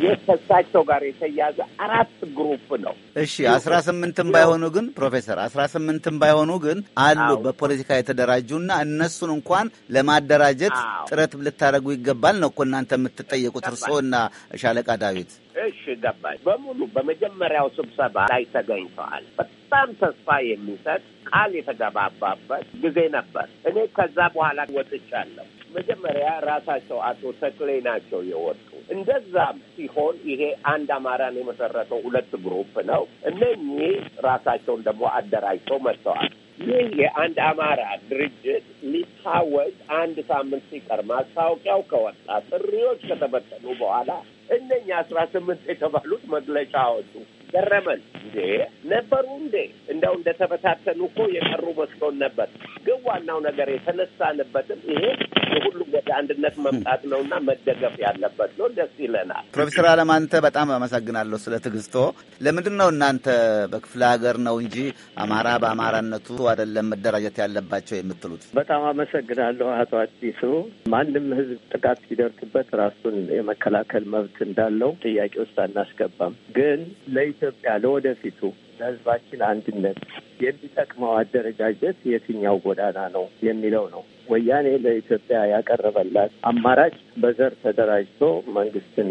የከሳቸው ጋር የተያዘ አራት ግሩፕ ነው። እሺ አስራ ስምንትም ባይሆኑ ግን ፕሮፌሰር አስራ ስምንትም ባይሆኑ ግን አሉ በፖለቲካ የተደራጁና እነሱን እንኳን ለማደራጀት ጥረት ልታደርጉ ይገባል ነው እኮ እናንተ የምትጠየቁት እና ሻለቃ ዳዊት። እሺ ገባኝ። በሙሉ በመጀመሪያው ስብሰባ ላይ ተገኝተዋል። በጣም ተስፋ የሚሰጥ ቃል የተገባባበት ጊዜ ነበር። እኔ ከዛ በኋላ ወጥቻለሁ። መጀመሪያ ራሳቸው አቶ ተክሌ ናቸው የወጡ። እንደዛም ሲሆን ይሄ አንድ አማራን የመሰረተው ሁለት ግሩፕ ነው። እነኚህ ራሳቸውን ደግሞ አደራጅተው መጥተዋል። ይህ የአንድ አማራ ድርጅት ሊታወጅ አንድ ሳምንት ሲቀር ማስታወቂያው ከወጣ ጥሪዎች ከተበተኑ በኋላ እነኛ አስራ ስምንት የተባሉት መግለጫዎቹ ገረመን። እንዴ ነበሩ እንዴ እንደው እንደተበታተኑ እኮ የቀሩ መስሎን ነበር። ግን ዋናው ነገር የተነሳንበትም ይሄ የሁሉም ወደ አንድነት መምጣት ነውና መደገፍ ያለበት ነው። ደስ ይለናል። ፕሮፌሰር አለም አንተ በጣም አመሰግናለሁ ስለ ትግስቶ። ለምንድን ነው እናንተ በክፍለ ሀገር ነው እንጂ አማራ በአማራነቱ አይደለም መደራጀት ያለባቸው የምትሉት? በጣም አመሰግናለሁ አቶ አዲሱ። ማንም ህዝብ ጥቃት ሲደርስበት ራሱን የመከላከል መብት እንዳለው ጥያቄ ውስጥ አናስገባም። ግን ለይ ለኢትዮጵያ ለወደፊቱ ለህዝባችን አንድነት የሚጠቅመው አደረጃጀት የትኛው ጎዳና ነው የሚለው ነው። ወያኔ ለኢትዮጵያ ያቀረበላት አማራጭ በዘር ተደራጅቶ መንግስትን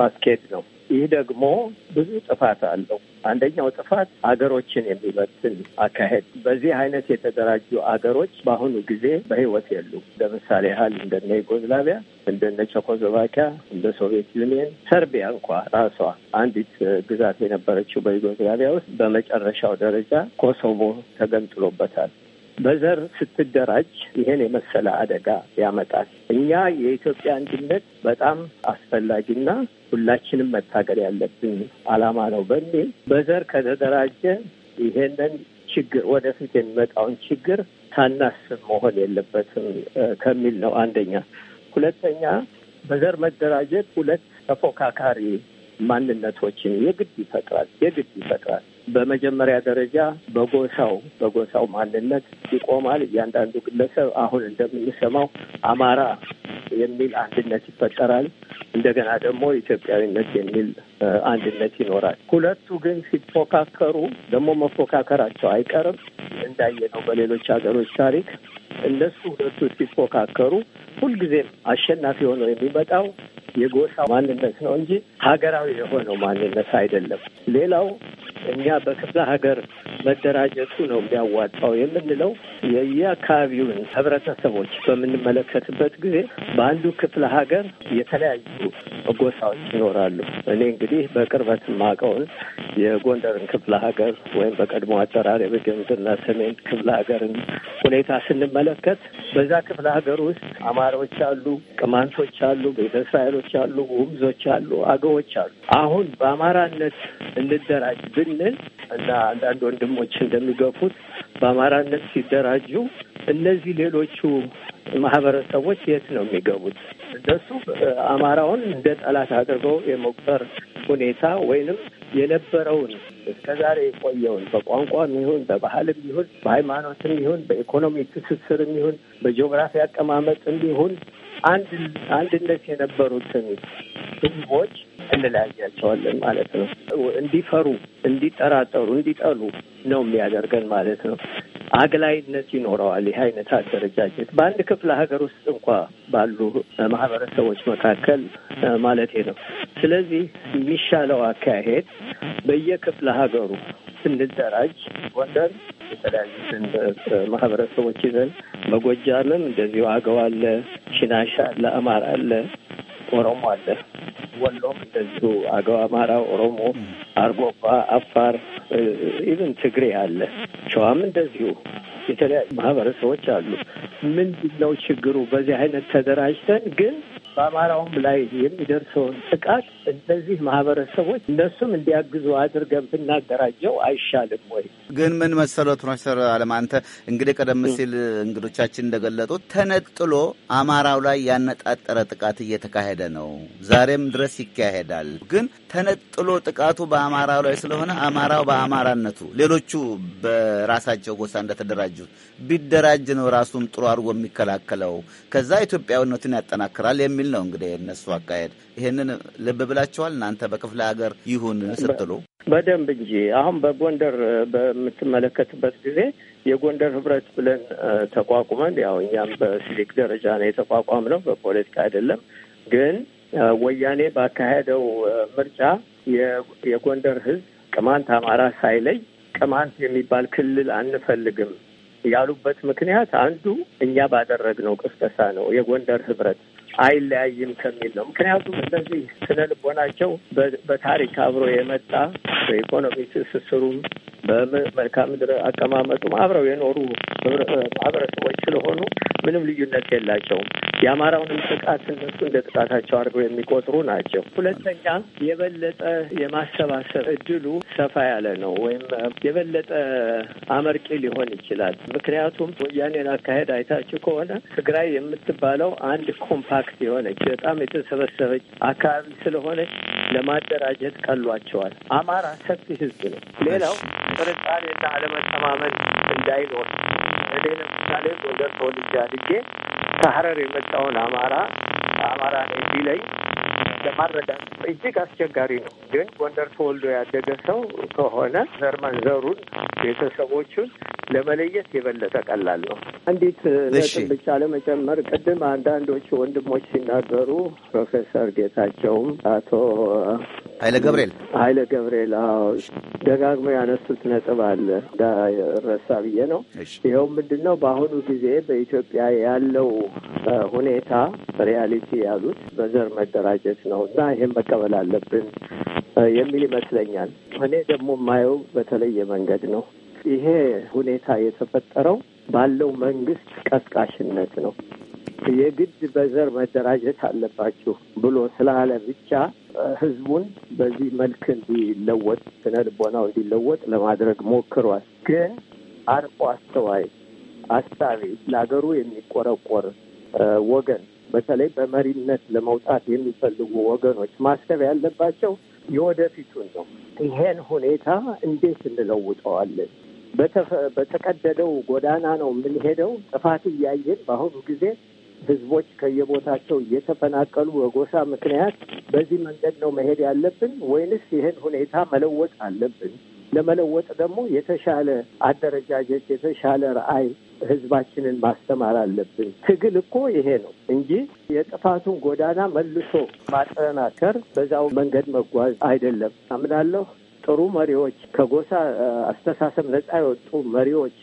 ማስኬድ ነው። ይህ ደግሞ ብዙ ጥፋት አለው። አንደኛው ጥፋት አገሮችን የሚበትን አካሄድ። በዚህ አይነት የተደራጁ አገሮች በአሁኑ ጊዜ በህይወት የሉ። ለምሳሌ ያህል እንደነ ዩጎዝላቪያ፣ እንደነ ቸኮስሎቫኪያ፣ እንደ ሶቪየት ዩኒየን፣ ሰርቢያ እንኳ ራሷ አንዲት ግዛት የነበረችው በዩጎዝላቪያ ውስጥ በመጨረሻው ደረጃ ኮሶቮ ተገንጥሎበታል። በዘር ስትደራጅ ይሄን የመሰለ አደጋ ያመጣል። እኛ የኢትዮጵያ አንድነት በጣም አስፈላጊና ሁላችንም መታገል ያለብን ዓላማ ነው በሚል በዘር ከተደራጀ ይሄንን ችግር ወደፊት የሚመጣውን ችግር ታናስብ መሆን የለበትም ከሚል ነው አንደኛ። ሁለተኛ በዘር መደራጀት ሁለት ተፎካካሪ ማንነቶችን የግድ ይፈጥራል የግድ ይፈጥራል። በመጀመሪያ ደረጃ በጎሳው በጎሳው ማንነት ይቆማል። እያንዳንዱ ግለሰብ አሁን እንደምንሰማው አማራ የሚል አንድነት ይፈጠራል። እንደገና ደግሞ ኢትዮጵያዊነት የሚል አንድነት ይኖራል። ሁለቱ ግን ሲፎካከሩ ደግሞ መፎካከራቸው አይቀርም። እንዳየነው በሌሎች ሀገሮች ታሪክ እነሱ ሁለቱ ሲፎካከሩ ሁልጊዜም አሸናፊ ሆነው የሚመጣው የጎሳ ማንነት ነው እንጂ ሀገራዊ የሆነው ማንነት አይደለም። ሌላው እኛ በክፍለ ሀገር መደራጀቱ ነው የሚያዋጣው የምንለው የየአካባቢውን ህብረተሰቦች በምንመለከትበት ጊዜ በአንዱ ክፍለ ሀገር የተለያዩ ጎሳዎች ይኖራሉ። እኔ እንግዲህ በቅርበት ማቀውን የጎንደርን ክፍለ ሀገር ወይም በቀድሞ አጠራር የበጌምድርና ሰሜን ክፍለ ሀገርን ሁኔታ ስንመለከት በዛ ክፍለ ሀገር ውስጥ አማሮች አሉ፣ ቅማንቶች አሉ፣ ቤተ እስራኤሎች አሉ፣ ውምዞች አሉ፣ አገዎች አሉ። አሁን በአማራነት እንደራጅ ብንል እና አንዳንድ ወንድሞች እንደሚገፉት በአማራነት ሲደራጁ እነዚህ ሌሎቹ ማህበረሰቦች የት ነው የሚገቡት? እነሱ አማራውን እንደ ጠላት አድርገው የመቁጠር ሁኔታ ወይንም የነበረውን እስከዛሬ የቆየውን በቋንቋም ይሁን በባህልም ይሁን በሃይማኖትም ይሁን በኢኮኖሚ ትስስርም ይሁን በጂኦግራፊ አቀማመጥም ይሁን አንድ አንድነት የነበሩትን ህዝቦች እንለያያቸዋለን ማለት ነው። እንዲፈሩ፣ እንዲጠራጠሩ፣ እንዲጠሉ ነው የሚያደርገን ማለት ነው። አግላይነት ይኖረዋል። ይህ አይነት አደረጃጀት በአንድ ክፍለ ሀገር ውስጥ እንኳ ባሉ ማህበረሰቦች መካከል ማለት ነው። ስለዚህ የሚሻለው አካሄድ በየክፍለ ሀገሩ ስንደራጅ ጎንደር የተለያዩ ማህበረሰቦች ይዘን በጎጃምም እንደዚሁ አገው አለ፣ ሽናሽ አለ፣ አማራ አለ፣ ኦሮሞ አለ። ወሎም እንደዚሁ አገው፣ አማራ፣ ኦሮሞ፣ አርጎባ፣ አፋር ኢቨን ትግሬ አለ። ሸዋም እንደዚሁ የተለያዩ ማህበረሰቦች አሉ። ምንድን ነው ችግሩ? በዚህ አይነት ተደራጅተን ግን በአማራውም ላይ የሚደርሰውን ጥቃት እነዚህ ማህበረሰቦች እነሱም እንዲያግዙ አድርገን ብናደራጀው አይሻልም ወይ? ግን ምን መሰለው ፕሮፌሰር አለም አንተ እንግዲህ ቀደም ሲል እንግዶቻችን እንደገለጡት ተነጥሎ አማራው ላይ ያነጣጠረ ጥቃት እየተካሄደ ነው። ዛሬም ድረስ ይካሄዳል። ግን ተነጥሎ ጥቃቱ በአማራው ላይ ስለሆነ አማራው በአማራነቱ ሌሎቹ በራሳቸው ጎሳ እንደተደራጁት ቢደራጅ ነው ራሱም ጥሩ አድርጎ የሚከላከለው። ከዛ ኢትዮጵያዊነቱን ያጠናክራል የሚል የሚል ነው እንግዲህ የእነሱ አካሄድ። ይህንን ልብ ብላችኋል እናንተ በክፍለ ሀገር ይሁን ስትሉ? በደንብ እንጂ አሁን በጎንደር በምትመለከትበት ጊዜ የጎንደር ህብረት ብለን ተቋቁመን ያው እኛም በሲቪክ ደረጃ ነው የተቋቋም ነው በፖለቲካ አይደለም። ግን ወያኔ ባካሄደው ምርጫ የጎንደር ህዝብ ቅማንት፣ አማራ ሳይለይ ቅማንት የሚባል ክልል አንፈልግም ያሉበት ምክንያት አንዱ እኛ ባደረግነው ቅስቀሳ ነው። የጎንደር ህብረት አይለያይም ከሚል ነው። ምክንያቱም እነዚህ ስነ ልቦናቸው በታሪክ አብሮ የመጣ በኢኮኖሚ ትስስሩም በመልካምድር ምድር አቀማመጡም አብረው የኖሩ ማህበረሰቦች ስለሆኑ ምንም ልዩነት የላቸውም። የአማራውንም ጥቃት እነሱ እንደ ጥቃታቸው አድርገው የሚቆጥሩ ናቸው። ሁለተኛ የበለጠ የማሰባሰብ እድሉ ሰፋ ያለ ነው፣ ወይም የበለጠ አመርቂ ሊሆን ይችላል። ምክንያቱም ወያኔን አካሄድ አይታችሁ ከሆነ ትግራይ የምትባለው አንድ ኮምፓክት የሆነች በጣም የተሰበሰበች አካባቢ ስለሆነች ለማደራጀት ቀሏቸዋል። አማራ ሰፊ ህዝብ ነው። ሌላው ጥርጣሬና አለመተማመን እንዳይኖር እኔ ለምሳሌ ጎንደር ተወልጄ አድጌ ከሀረር የመጣውን አማራ አማራ ነኝ ቢለኝ ለማረዳት እጅግ አስቸጋሪ ነው። ግን ጎንደር ተወልዶ ያደገ ሰው ከሆነ ዘርመን ዘሩን ቤተሰቦቹን ለመለየት የበለጠ ቀላል ነው። አንዲት ነጥብ ብቻ ለመጨመር ቅድም አንዳንዶቹ ወንድሞች ሲናገሩ ፕሮፌሰር ጌታቸውም አቶ ኃይለ ገብርኤል ኃይለ ገብርኤል ደጋግሞ ያነሱት ነጥብ አለ ረሳ ብዬ ነው። ይኸው ምንድን ነው በአሁኑ ጊዜ በኢትዮጵያ ያለው ሁኔታ ሪያሊቲ ያሉት በዘር መደራ ማመናጨት ነው እና ይህም መቀበል አለብን የሚል ይመስለኛል። እኔ ደግሞ የማየው በተለየ መንገድ ነው። ይሄ ሁኔታ የተፈጠረው ባለው መንግስት ቀስቃሽነት ነው። የግድ በዘር መደራጀት አለባችሁ ብሎ ስላለ ብቻ ህዝቡን በዚህ መልክ እንዲለወጥ ስነ ልቦናው እንዲለወጥ ለማድረግ ሞክሯል። ግን አርቆ አስተዋይ አሳቢ ለሀገሩ የሚቆረቆር ወገን በተለይ በመሪነት ለመውጣት የሚፈልጉ ወገኖች ማሰብ ያለባቸው የወደፊቱን ነው። ይሄን ሁኔታ እንዴት እንለውጠዋለን? በተቀደደው ጎዳና ነው የምንሄደው። ጥፋት እያየን በአሁኑ ጊዜ ህዝቦች ከየቦታቸው እየተፈናቀሉ በጎሳ ምክንያት በዚህ መንገድ ነው መሄድ ያለብን ወይንስ ይህን ሁኔታ መለወጥ አለብን? ለመለወጥ ደግሞ የተሻለ አደረጃጀት፣ የተሻለ ራዕይ፣ ህዝባችንን ማስተማር አለብን። ትግል እኮ ይሄ ነው እንጂ የጥፋቱን ጎዳና መልሶ ማጠናከር በዛው መንገድ መጓዝ አይደለም አምናለሁ። ጥሩ መሪዎች ከጎሳ አስተሳሰብ ነጻ የወጡ መሪዎች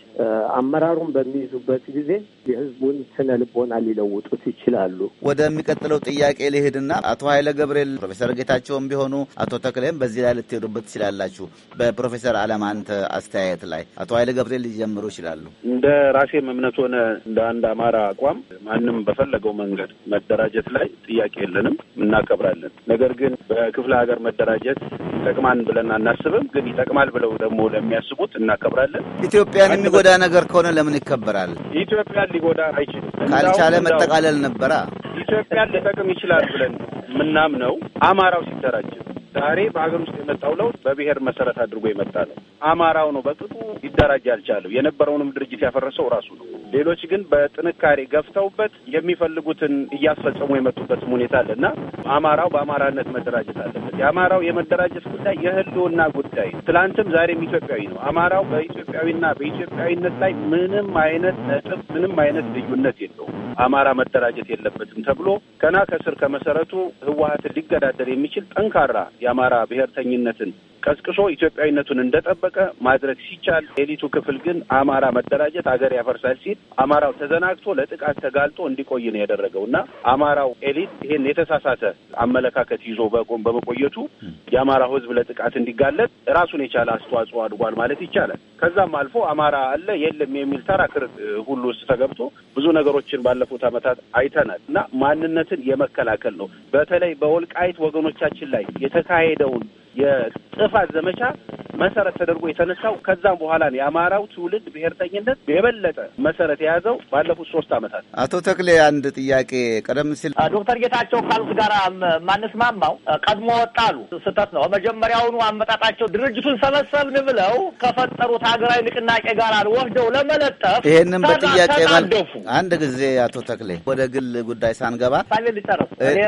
አመራሩን በሚይዙበት ጊዜ የህዝቡን ስነ ልቦና ሊለውጡት ይችላሉ። ወደሚቀጥለው ጥያቄ ልሄድና አቶ ኃይለ ገብርኤል ፕሮፌሰር ጌታቸውም ቢሆኑ አቶ ተክሌም በዚህ ላይ ልትሄዱበት ትችላላችሁ። በፕሮፌሰር አለማንተ አስተያየት ላይ አቶ ኃይለ ገብርኤል ሊጀምሩ ይችላሉ። እንደ ራሴም እምነት ሆነ እንደ አንድ አማራ አቋም ማንም በፈለገው መንገድ መደራጀት ላይ ጥያቄ የለንም፣ እናከብራለን። ነገር ግን በክፍለ ሀገር መደራጀት ይጠቅማን ብለን አናስብም። ግን ይጠቅማል ብለው ደግሞ ለሚያስቡት እናከብራለን ኢትዮጵያን የሚጎዳ ነገር ከሆነ ለምን ይከበራል? ኢትዮጵያ ሊጎዳ አይችልም። ካልቻለ መጠቃለል ነበራ። ኢትዮጵያ ሊጠቅም ይችላል ብለን ምናምነው አማራው ሲደራጅ ዛሬ በሀገር ውስጥ የመጣው ለውጥ በብሔር መሰረት አድርጎ የመጣ ነው። አማራው ነው በቅጡ ሊደራጅ ያልቻለው። የነበረውንም ድርጅት ያፈረሰው ራሱ ነው። ሌሎች ግን በጥንካሬ ገፍተውበት የሚፈልጉትን እያስፈጸሙ የመጡበትም ሁኔታ አለ እና አማራው በአማራነት መደራጀት አለበት። የአማራው የመደራጀት ጉዳይ የህልውና ጉዳይ ትላንትም ዛሬም ኢትዮጵያዊ ነው። አማራው በኢትዮጵያዊና በኢትዮጵያዊነት ላይ ምንም አይነት ነጥብ፣ ምንም አይነት ልዩነት የለውም። አማራ መደራጀት የለበትም ተብሎ ገና ከስር ከመሰረቱ ህወሀትን ሊገዳደር የሚችል ጠንካራ የአማራ ብሔርተኝነትን ቀስቅሶ ኢትዮጵያዊነቱን እንደጠበቀ ማድረግ ሲቻል፣ ኤሊቱ ክፍል ግን አማራ መደራጀት አገር ያፈርሳል ሲል አማራው ተዘናግቶ ለጥቃት ተጋልጦ እንዲቆይ ነው ያደረገው እና አማራው ኤሊት ይሄን የተሳሳተ አመለካከት ይዞ በቆም በመቆየቱ የአማራው ህዝብ ለጥቃት እንዲጋለጥ ራሱን የቻለ አስተዋጽኦ አድጓል ማለት ይቻላል። ከዛም አልፎ አማራ አለ የለም የሚል ተራ ክር ሁሉ ውስጥ ተገብቶ ብዙ ነገሮችን ባለፉት ዓመታት አይተናል እና ማንነትን የመከላከል ነው። በተለይ በወልቃይት ወገኖቻችን ላይ የተካሄደውን የጥፋት ዘመቻ መሰረት ተደርጎ የተነሳው ከዛም በኋላ ነው። የአማራው ትውልድ ብሔርተኝነት የበለጠ መሰረት የያዘው ባለፉት ሶስት አመታት። አቶ ተክሌ አንድ ጥያቄ ቀደም ሲል ዶክተር ጌታቸው ካሉት ጋር ማንስማማው ቀድሞ ወጣሉ ስህተት ነው። መጀመሪያውኑ አመጣጣቸው ድርጅቱን ሰበሰብን ብለው ከፈጠሩት ሀገራዊ ንቅናቄ ጋር ወስደው ለመለጠፍ ይሄንም በጥያቄ መልደፉ አንድ ጊዜ አቶ ተክሌ ወደ ግል ጉዳይ ሳንገባ ሳሌ ሊጨረስ እኔ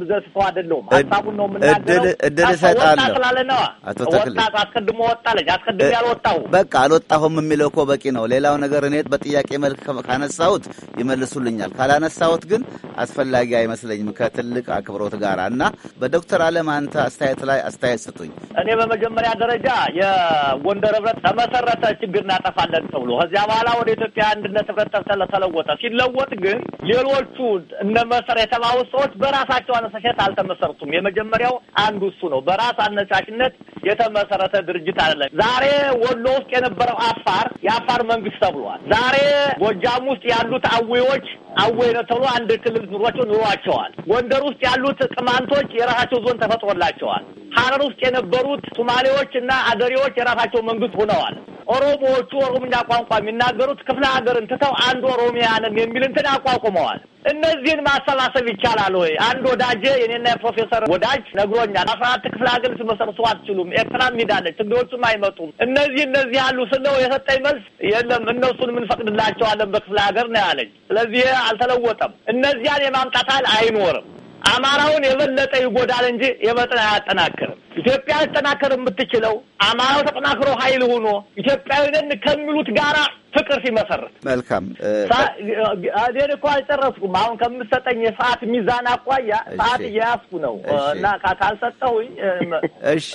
ምዘስፈው ሀሳቡን ነው የምናገረው እሰጣለሁ። አቶ ተክሌ አስቀድሞ ወጣ ልጅ አስቀድሞ ያልወጣው በቃ አልወጣሁም የሚለው እኮ በቂ ነው። ሌላው ነገር እኔ በጥያቄ መልክ ካነሳሁት ይመልሱልኛል፣ ካላነሳሁት ግን አስፈላጊ አይመስለኝም ከትልቅ አክብሮት ጋር እና በዶክተር አለም አንተ አስተያየት ላይ አስተያየት ስጡኝ። እኔ በመጀመሪያ ደረጃ የጎንደር ህብረት ተመሰረተ ችግር እናጠፋለን ተብሎ ከዚያ በኋላ ወደ ኢትዮጵያ አንድነት ህብረት ተለወጠ። ሲለወጥ ግን ሌሎቹ እነ መሰረት የተባሉት ሰዎች በራሳቸው አነሳሸት አልተመሰረቱም። የመጀመሪያው አንዱ እሱ ነው። በራስ አነሳሽነት የተመሰረተ ድርጅት አይደለም። ዛሬ ወሎ ውስጥ የነበረው አፋር የአፋር መንግስት ተብሏል። ዛሬ ጎጃም ውስጥ ያሉት አዊዎች አወይነ ተብሎ አንድ ክልል ኑሯቸው ኑሯቸዋል። ጎንደር ውስጥ ያሉት ቅማንቶች የራሳቸው ዞን ተፈጥሮላቸዋል። ሀረር ውስጥ የነበሩት ሱማሌዎች እና አደሬዎች የራሳቸው መንግስት ሆነዋል። ኦሮሞዎቹ ኦሮምኛ ቋንቋ የሚናገሩት ክፍለ ሀገርን ትተው አንድ ኦሮሚያ የሚል እንትን አቋቁመዋል። እነዚህን ማሰባሰብ ይቻላል ወይ? አንድ ወዳጄ የኔና የፕሮፌሰር ወዳጅ ነግሮኛል። አስራ አራት ክፍለ ሀገር ልትመሰርሱ አትችሉም፣ ኤርትራም ሄዳለች፣ ትግሮቹም አይመጡም። እነዚህ እነዚህ ያሉ ስለው የሰጠኝ መልስ የለም እነሱን የምንፈቅድላቸዋለን በክፍለ ሀገር ነው ያለኝ። ስለዚህ አልተለወጠም። እነዚያን የማምጣት ኃይል አይኖርም። አማራውን የበለጠ ይጎዳል እንጂ የበጥን አያጠናክርም። ኢትዮጵያ ልጠናከር የምትችለው አማራው ተጠናክሮ ኃይል ሆኖ ኢትዮጵያዊንን ከሚሉት ጋራ ፍቅር ሲመሰርት መልካም። እኔ እኮ አልጨረስኩም። አሁን ከምሰጠኝ የሰዓት ሚዛን አኳያ ሰዓት እየያዝኩ ነው እና ካልሰጠሁኝ እሺ፣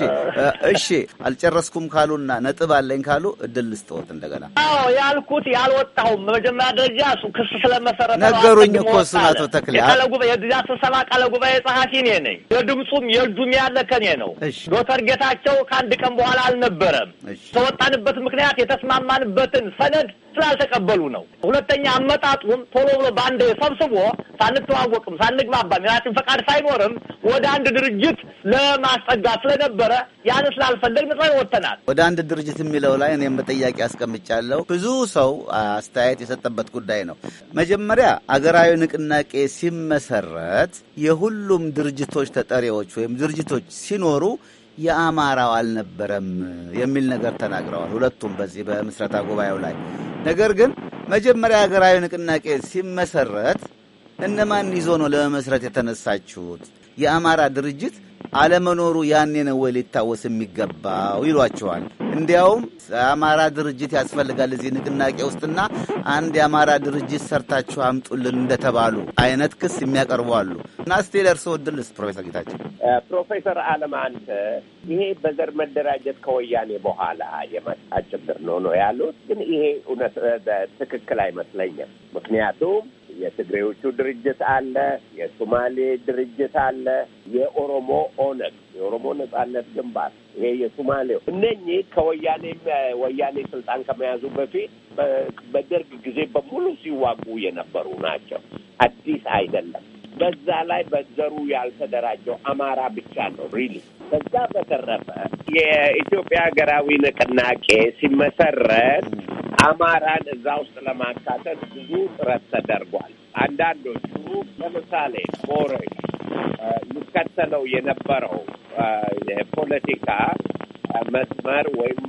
እሺ አልጨረስኩም ካሉና ነጥብ አለኝ ካሉ እድል ልስጥዎት እንደገና። አዎ ያልኩት ያልወጣሁም መጀመሪያ ደረጃ ክስ ስለመሰረተ ነገሩኝ እኮ እሱን። አቶ ተክሌ የዚያ ስብሰባ ቃለ ጉባኤ ጸሐፊ እኔ ነኝ። የድምፁም የእጁም ያለ ከኔ ነው። ዶክተር ጌታቸው ከአንድ ቀን በኋላ አልነበረም። ተወጣንበት ምክንያት የተስማማንበትን ሰነድ መንገድ ስላልተቀበሉ ነው። ሁለተኛ አመጣጡም ቶሎ ብሎ በአንድ ሰብስቦ ሳንተዋወቅም ሳንግባባም የራችን ፈቃድ ሳይኖርም ወደ አንድ ድርጅት ለማስጠጋት ስለነበረ ያን ስላልፈለግን ነጻ ወጥተናል። ወደ አንድ ድርጅት የሚለው ላይ እኔም በጥያቄ አስቀምጫለሁ። ብዙ ሰው አስተያየት የሰጠበት ጉዳይ ነው። መጀመሪያ አገራዊ ንቅናቄ ሲመሰረት የሁሉም ድርጅቶች ተጠሪዎች ወይም ድርጅቶች ሲኖሩ የአማራው አልነበረም የሚል ነገር ተናግረዋል። ሁለቱም በዚህ በምስረታ ጉባኤው ላይ ነገር ግን መጀመሪያ ሀገራዊ ንቅናቄ ሲመሰረት እነማን ይዞ ነው ለመመስረት የተነሳችሁት? የአማራ ድርጅት አለመኖሩ ያኔ ነው ወይ ሊታወስ የሚገባው ይሏቸዋል። እንዲያውም የአማራ ድርጅት ያስፈልጋል እዚህ ንቅናቄ ውስጥና አንድ የአማራ ድርጅት ሰርታችሁ አምጡልን እንደተባሉ አይነት ክስ የሚያቀርቡ አሉ እና እስቲ ለእርስዎ እድልስ ፕሮፌሰር ጌታቸው ፕሮፌሰር አለም አንተ ይሄ በዘር መደራጀት ከወያኔ በኋላ የመጣ ችግር ነው ነው ያሉት። ግን ይሄ እውነት ትክክል አይመስለኝም። ምክንያቱም የትግሬዎቹ ድርጅት አለ፣ የሶማሌ ድርጅት አለ፣ የኦሮሞ ኦነግ፣ የኦሮሞ ነጻነት ግንባር፣ ይሄ የሶማሌው እነኚህ ከወያኔ ወያኔ ስልጣን ከመያዙ በፊት በደርግ ጊዜ በሙሉ ሲዋጉ የነበሩ ናቸው። አዲስ አይደለም። በዛ ላይ በዘሩ ያልተደራጀው አማራ ብቻ ነው ሪሊ። በዛ በተረፈ የኢትዮጵያ ሀገራዊ ንቅናቄ ሲመሰረት አማራን እዛ ውስጥ ለማካተት ብዙ ጥረት ተደርጓል። አንዳንዶቹ ለምሳሌ ሞረሽ ይከተለው የነበረው የፖለቲካ መስመር ወይም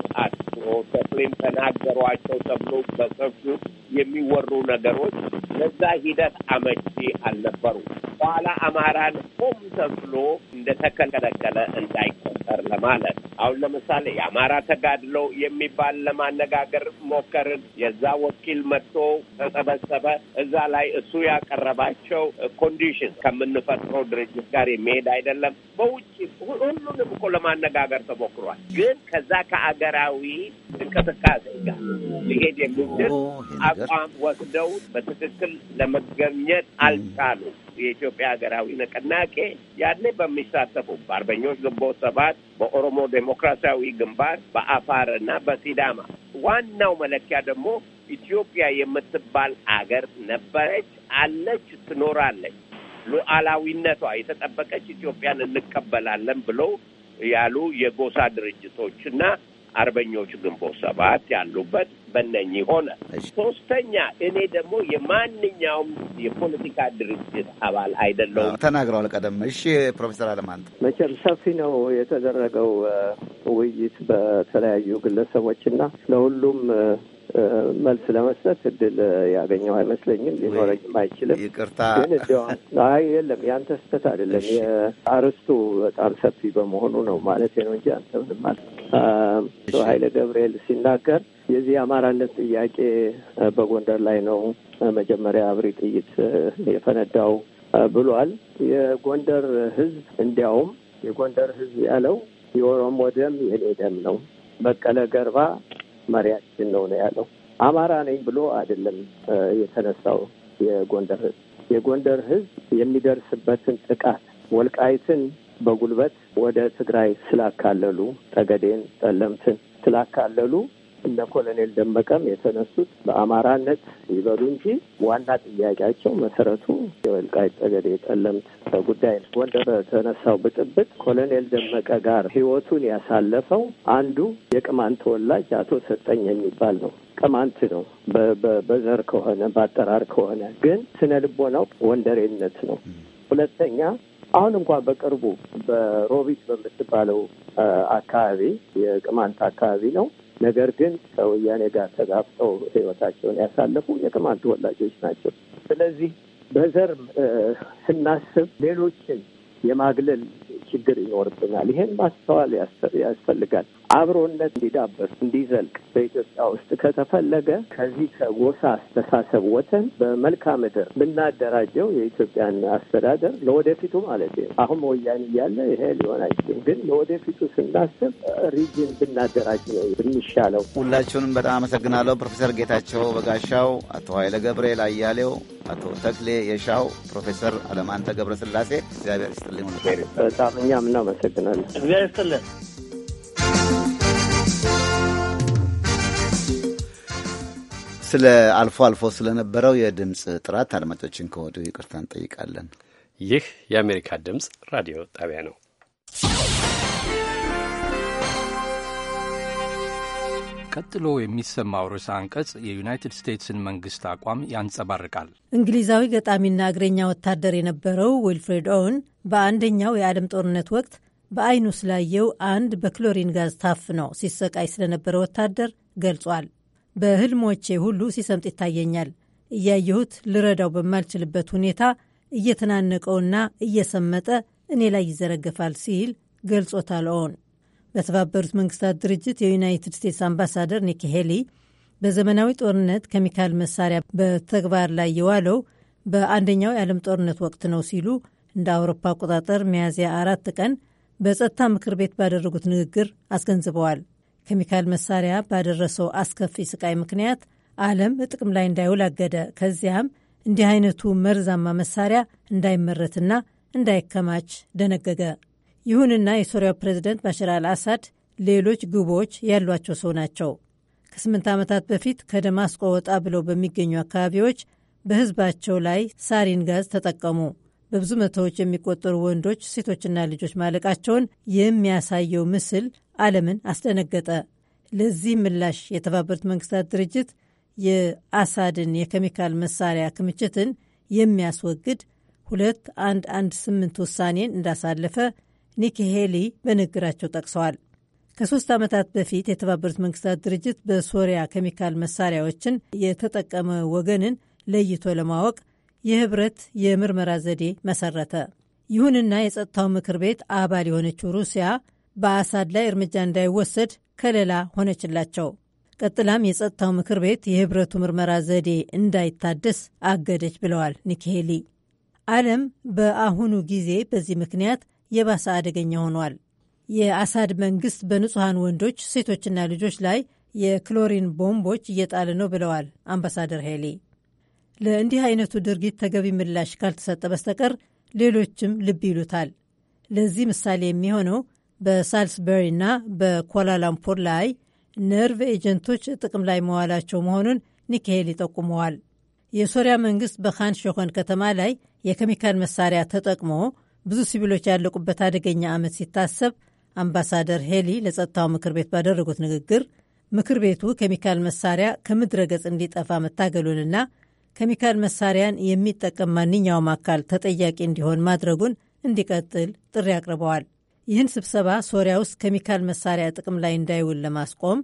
ተክሌም ተናገሯቸው ተብሎ በሰፊው የሚወሩ ነገሮች ለዛ ሂደት አመቺ አልነበሩ። በኋላ አማራን ሆም ተብሎ እንደተከለከለ እንዳይቆጠር ለማለት አሁን ለምሳሌ የአማራ ተጋድሎ የሚባል ለማነጋገር ሞከርን። የዛ ወኪል መጥቶ ተሰበሰበ። እዛ ላይ እሱ ያቀረባቸው ኮንዲሽን ከምንፈጥረው ድርጅት ጋር የሚሄድ አይደለም። በውጭ ሁሉንም እኮ ለማነጋገር ተሞክሯል። ግን ከዛ ከአገራዊ እንቅስቃሴ ጋር ሊሄድ የሚችል አቋም ወስደው በትክክል ለመገኘት አልቻሉ። የኢትዮጵያ ሀገራዊ ንቅናቄ ያኔ በሚሳተፉ በአርበኞች ግንቦት ሰባት፣ በኦሮሞ ዴሞክራሲያዊ ግንባር፣ በአፋር እና በሲዳማ ዋናው መለኪያ ደግሞ ኢትዮጵያ የምትባል አገር ነበረች፣ አለች፣ ትኖራለች። ሉዓላዊነቷ የተጠበቀች ኢትዮጵያን እንቀበላለን ብሎ ያሉ የጎሳ ድርጅቶች እና አርበኞች ግንቦት ሰባት ያሉበት በነኚህ ሆነ። ሶስተኛ እኔ ደግሞ የማንኛውም የፖለቲካ ድርጅት አባል አይደለውም ተናግረዋል ቀደም። እሺ ፕሮፌሰር አለማንት መቼም ሰፊ ነው የተደረገው ውይይት በተለያዩ ግለሰቦች ግለሰቦችና ለሁሉም መልስ ለመስጠት እድል ያገኘው አይመስለኝም፣ ሊኖረኝም አይችልም። ይቅርታ ግን እንዲያውም አይ የለም የአንተ ስህተት አይደለም። የአርስቱ በጣም ሰፊ በመሆኑ ነው ማለት ነው እንጂ አንተ ምንም አለ ኃይለ ገብርኤል ሲናገር የዚህ የአማራነት ጥያቄ በጎንደር ላይ ነው መጀመሪያ አብሪ ጥይት የፈነዳው ብሏል። የጎንደር ህዝብ እንዲያውም የጎንደር ህዝብ ያለው የኦሮሞ ደም የኔ ደም ነው፣ በቀለ ገርባ መሪያችን ነው ነው ያለው። አማራ ነኝ ብሎ አይደለም የተነሳው የጎንደር ህዝብ የጎንደር ህዝብ የሚደርስበትን ጥቃት ወልቃይትን በጉልበት ወደ ትግራይ ስላካለሉ ጠገዴን፣ ጠለምትን ስላካለሉ እነ ኮሎኔል ደመቀም የተነሱት በአማራነት ይበሉ እንጂ ዋና ጥያቄያቸው መሰረቱ የወልቃይት ጠገዴ ጠለምት ጉዳይ ነው። ወንደ በተነሳው ብጥብጥ ኮሎኔል ደመቀ ጋር ህይወቱን ያሳለፈው አንዱ የቅማንት ተወላጅ አቶ ሰጠኝ የሚባል ነው። ቅማንት ነው በዘር ከሆነ በአጠራር ከሆነ ግን ስነ ልቦናው ወንደሬነት ነው። ሁለተኛ አሁን እንኳን በቅርቡ በሮቢት በምትባለው አካባቢ የቅማንት አካባቢ ነው። ነገር ግን ከወያኔ ጋር ተጋፍጠው ህይወታቸውን ያሳለፉ የቅማንት ወላጆች ናቸው። ስለዚህ በዘር ስናስብ ሌሎችን የማግለል ችግር ይኖርብናል። ይሄን ማስተዋል ያስፈልጋል። አብሮነት እንዲዳብር እንዲዘልቅ በኢትዮጵያ ውስጥ ከተፈለገ ከዚህ ከጎሳ አስተሳሰብ ወተን በመልካ ምድር ብናደራጀው የኢትዮጵያን አስተዳደር ለወደፊቱ ማለት ነው። አሁን ወያን እያለ ይሄ ሊሆን አይችልም፣ ግን ለወደፊቱ ስናስብ ሪጅን ብናደራጅ ነው የሚሻለው። ሁላችሁንም በጣም አመሰግናለሁ። ፕሮፌሰር ጌታቸው በጋሻው፣ አቶ ኃይለ ገብርኤል አያሌው፣ አቶ ተክሌ የሻው፣ ፕሮፌሰር አለማንተ ገብረስላሴ እግዚአብሔር ይስጥልኝ። በጣም እኛም እናመሰግናለን። እግዚአብሔር ይስጥልን። ስለ አልፎ አልፎ ስለነበረው የድምፅ ጥራት አድማጮችን ከወዲሁ ይቅርታ እንጠይቃለን። ይህ የአሜሪካ ድምፅ ራዲዮ ጣቢያ ነው። ቀጥሎ የሚሰማው ርዕሰ አንቀጽ የዩናይትድ ስቴትስን መንግስት አቋም ያንጸባርቃል። እንግሊዛዊ ገጣሚና እግረኛ ወታደር የነበረው ዊልፍሬድ ኦውን በአንደኛው የዓለም ጦርነት ወቅት በአይኑ ስላየው አንድ በክሎሪን ጋዝ ነው ሲሰቃይ ስለነበረ ወታደር ገልጿል። በህልሞቼ ሁሉ ሲሰምጥ ይታየኛል። እያየሁት ልረዳው በማልችልበት ሁኔታ እየተናነቀውና እየሰመጠ እኔ ላይ ይዘረገፋል ሲል ገልጾታል። ኦን በተባበሩት መንግስታት ድርጅት የዩናይትድ ስቴትስ አምባሳደር ኒኪ ሄሊ በዘመናዊ ጦርነት ኬሚካል መሳሪያ በተግባር ላይ የዋለው በአንደኛው የዓለም ጦርነት ወቅት ነው ሲሉ እንደ አውሮፓ አቆጣጠር ሚያዝያ አራት ቀን በጸጥታ ምክር ቤት ባደረጉት ንግግር አስገንዝበዋል። ኬሚካል መሳሪያ ባደረሰው አስከፊ ስቃይ ምክንያት ዓለም ጥቅም ላይ እንዳይውል አገደ። ከዚያም እንዲህ አይነቱ መርዛማ መሳሪያ እንዳይመረትና እንዳይከማች ደነገገ። ይሁንና የሶሪያው ፕሬዝደንት ባሻር አልአሳድ ሌሎች ግቦች ያሏቸው ሰው ናቸው። ከስምንት ዓመታት በፊት ከደማስቆ ወጣ ብለው በሚገኙ አካባቢዎች በህዝባቸው ላይ ሳሪን ጋዝ ተጠቀሙ። በብዙ መቶዎች የሚቆጠሩ ወንዶች፣ ሴቶችና ልጆች ማለቃቸውን የሚያሳየው ምስል ዓለምን አስደነገጠ። ለዚህ ምላሽ የተባበሩት መንግስታት ድርጅት የአሳድን የኬሚካል መሳሪያ ክምችትን የሚያስወግድ 2118 ውሳኔን እንዳሳለፈ ኒኪ ሄሊ በንግግራቸው ጠቅሰዋል። ከሶስት ዓመታት በፊት የተባበሩት መንግስታት ድርጅት በሶሪያ ኬሚካል መሳሪያዎችን የተጠቀመ ወገንን ለይቶ ለማወቅ የህብረት የምርመራ ዘዴ መሰረተ። ይሁንና የጸጥታው ምክር ቤት አባል የሆነችው ሩሲያ በአሳድ ላይ እርምጃ እንዳይወሰድ ከሌላ ሆነችላቸው። ቀጥላም የጸጥታው ምክር ቤት የህብረቱ ምርመራ ዘዴ እንዳይታደስ አገደች ብለዋል ኒኪ ሄሊ። ዓለም በአሁኑ ጊዜ በዚህ ምክንያት የባሰ አደገኛ ሆኗል። የአሳድ መንግስት በንጹሐን ወንዶች፣ ሴቶችና ልጆች ላይ የክሎሪን ቦምቦች እየጣለ ነው ብለዋል አምባሳደር ሄሊ። ለእንዲህ አይነቱ ድርጊት ተገቢ ምላሽ ካልተሰጠ በስተቀር ሌሎችም ልብ ይሉታል። ለዚህ ምሳሌ የሚሆነው በሳልስበሪና በኳላላምፖር ላይ ነርቭ ኤጀንቶች ጥቅም ላይ መዋላቸው መሆኑን ኒኪ ሄሊ ጠቁመዋል። የሶሪያ መንግስት በካን ሾኸን ከተማ ላይ የኬሚካል መሳሪያ ተጠቅሞ ብዙ ሲቪሎች ያለቁበት አደገኛ ዓመት ሲታሰብ አምባሳደር ሄሊ ለጸጥታው ምክር ቤት ባደረጉት ንግግር ምክር ቤቱ ኬሚካል መሳሪያ ከምድረ ገጽ እንዲጠፋ መታገሉንና ኬሚካል መሳሪያን የሚጠቀም ማንኛውም አካል ተጠያቂ እንዲሆን ማድረጉን እንዲቀጥል ጥሪ አቅርበዋል። ይህን ስብሰባ ሶሪያ ውስጥ ኬሚካል መሳሪያ ጥቅም ላይ እንዳይውል ለማስቆም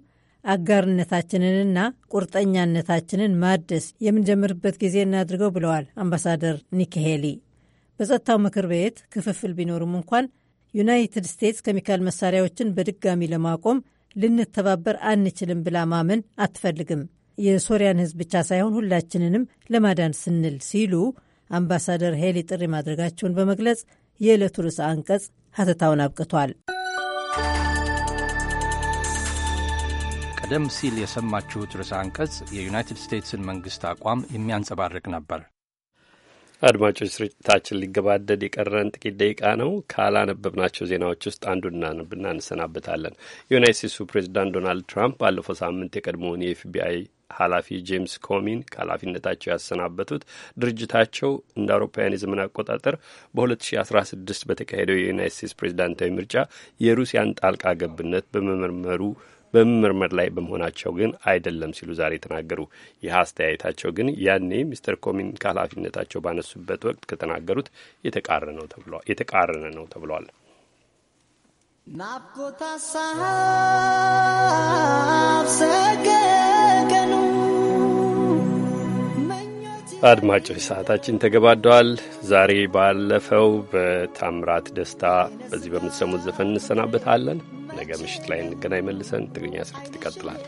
አጋርነታችንንና ቁርጠኛነታችንን ማደስ የምንጀምርበት ጊዜ እናድርገው ብለዋል አምባሳደር ኒኪ ሄሊ። በጸጥታው ምክር ቤት ክፍፍል ቢኖርም እንኳን ዩናይትድ ስቴትስ ኬሚካል መሳሪያዎችን በድጋሚ ለማቆም ልንተባበር አንችልም ብላ ማመን አትፈልግም፣ የሶሪያን ሕዝብ ብቻ ሳይሆን ሁላችንንም ለማዳን ስንል ሲሉ አምባሳደር ሄሊ ጥሪ ማድረጋቸውን በመግለጽ የዕለቱ ርዕሰ አንቀጽ ሀተታውን አብቅቷል። ቀደም ሲል የሰማችሁት ርዕሰ አንቀጽ የዩናይትድ ስቴትስን መንግስት አቋም የሚያንጸባርቅ ነበር። አድማጮች፣ ስርጭታችን ሊገባደድ የቀረን ጥቂት ደቂቃ ነው። ካላነበብናቸው ዜናዎች ውስጥ አንዱ እናነብና እንሰናበታለን። የዩናይት ስቴትሱ ፕሬዚዳንት ዶናልድ ትራምፕ ባለፈው ሳምንት የቀድሞውን የኤፍቢአይ ኃላፊ ጄምስ ኮሚን ከኃላፊነታቸው ያሰናበቱት ድርጅታቸው እንደ አውሮፓውያን የዘመን አቆጣጠር በ2016 በተካሄደው የዩናይት ስቴትስ ፕሬዚዳንታዊ ምርጫ የሩሲያን ጣልቃ ገብነት በመመርመሩ በመመርመር ላይ በመሆናቸው ግን አይደለም ሲሉ ዛሬ ተናገሩ። ይህ አስተያየታቸው ግን ያኔ ሚስተር ኮሚን ከኃላፊነታቸው ባነሱበት ወቅት ከተናገሩት የተቃረነ ነው ተብሏል። ናፍቆት አድማጮች ሰዓታችን ተገባደዋል። ዛሬ ባለፈው በታምራት ደስታ በዚህ በምትሰሙት ዘፈን እንሰናበታለን። ነገ ምሽት ላይ እንገናኝ መልሰን። ትግርኛ ስርጭት ይቀጥላል።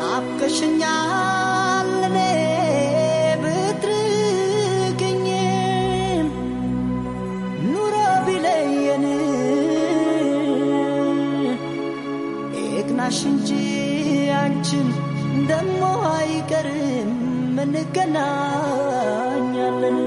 ናፍቀሽኛል ብትርቅኝም ኑሮ ቢለየን ይቅናሽ እንጂ ደሞ አይቀርም እንገናኛለን።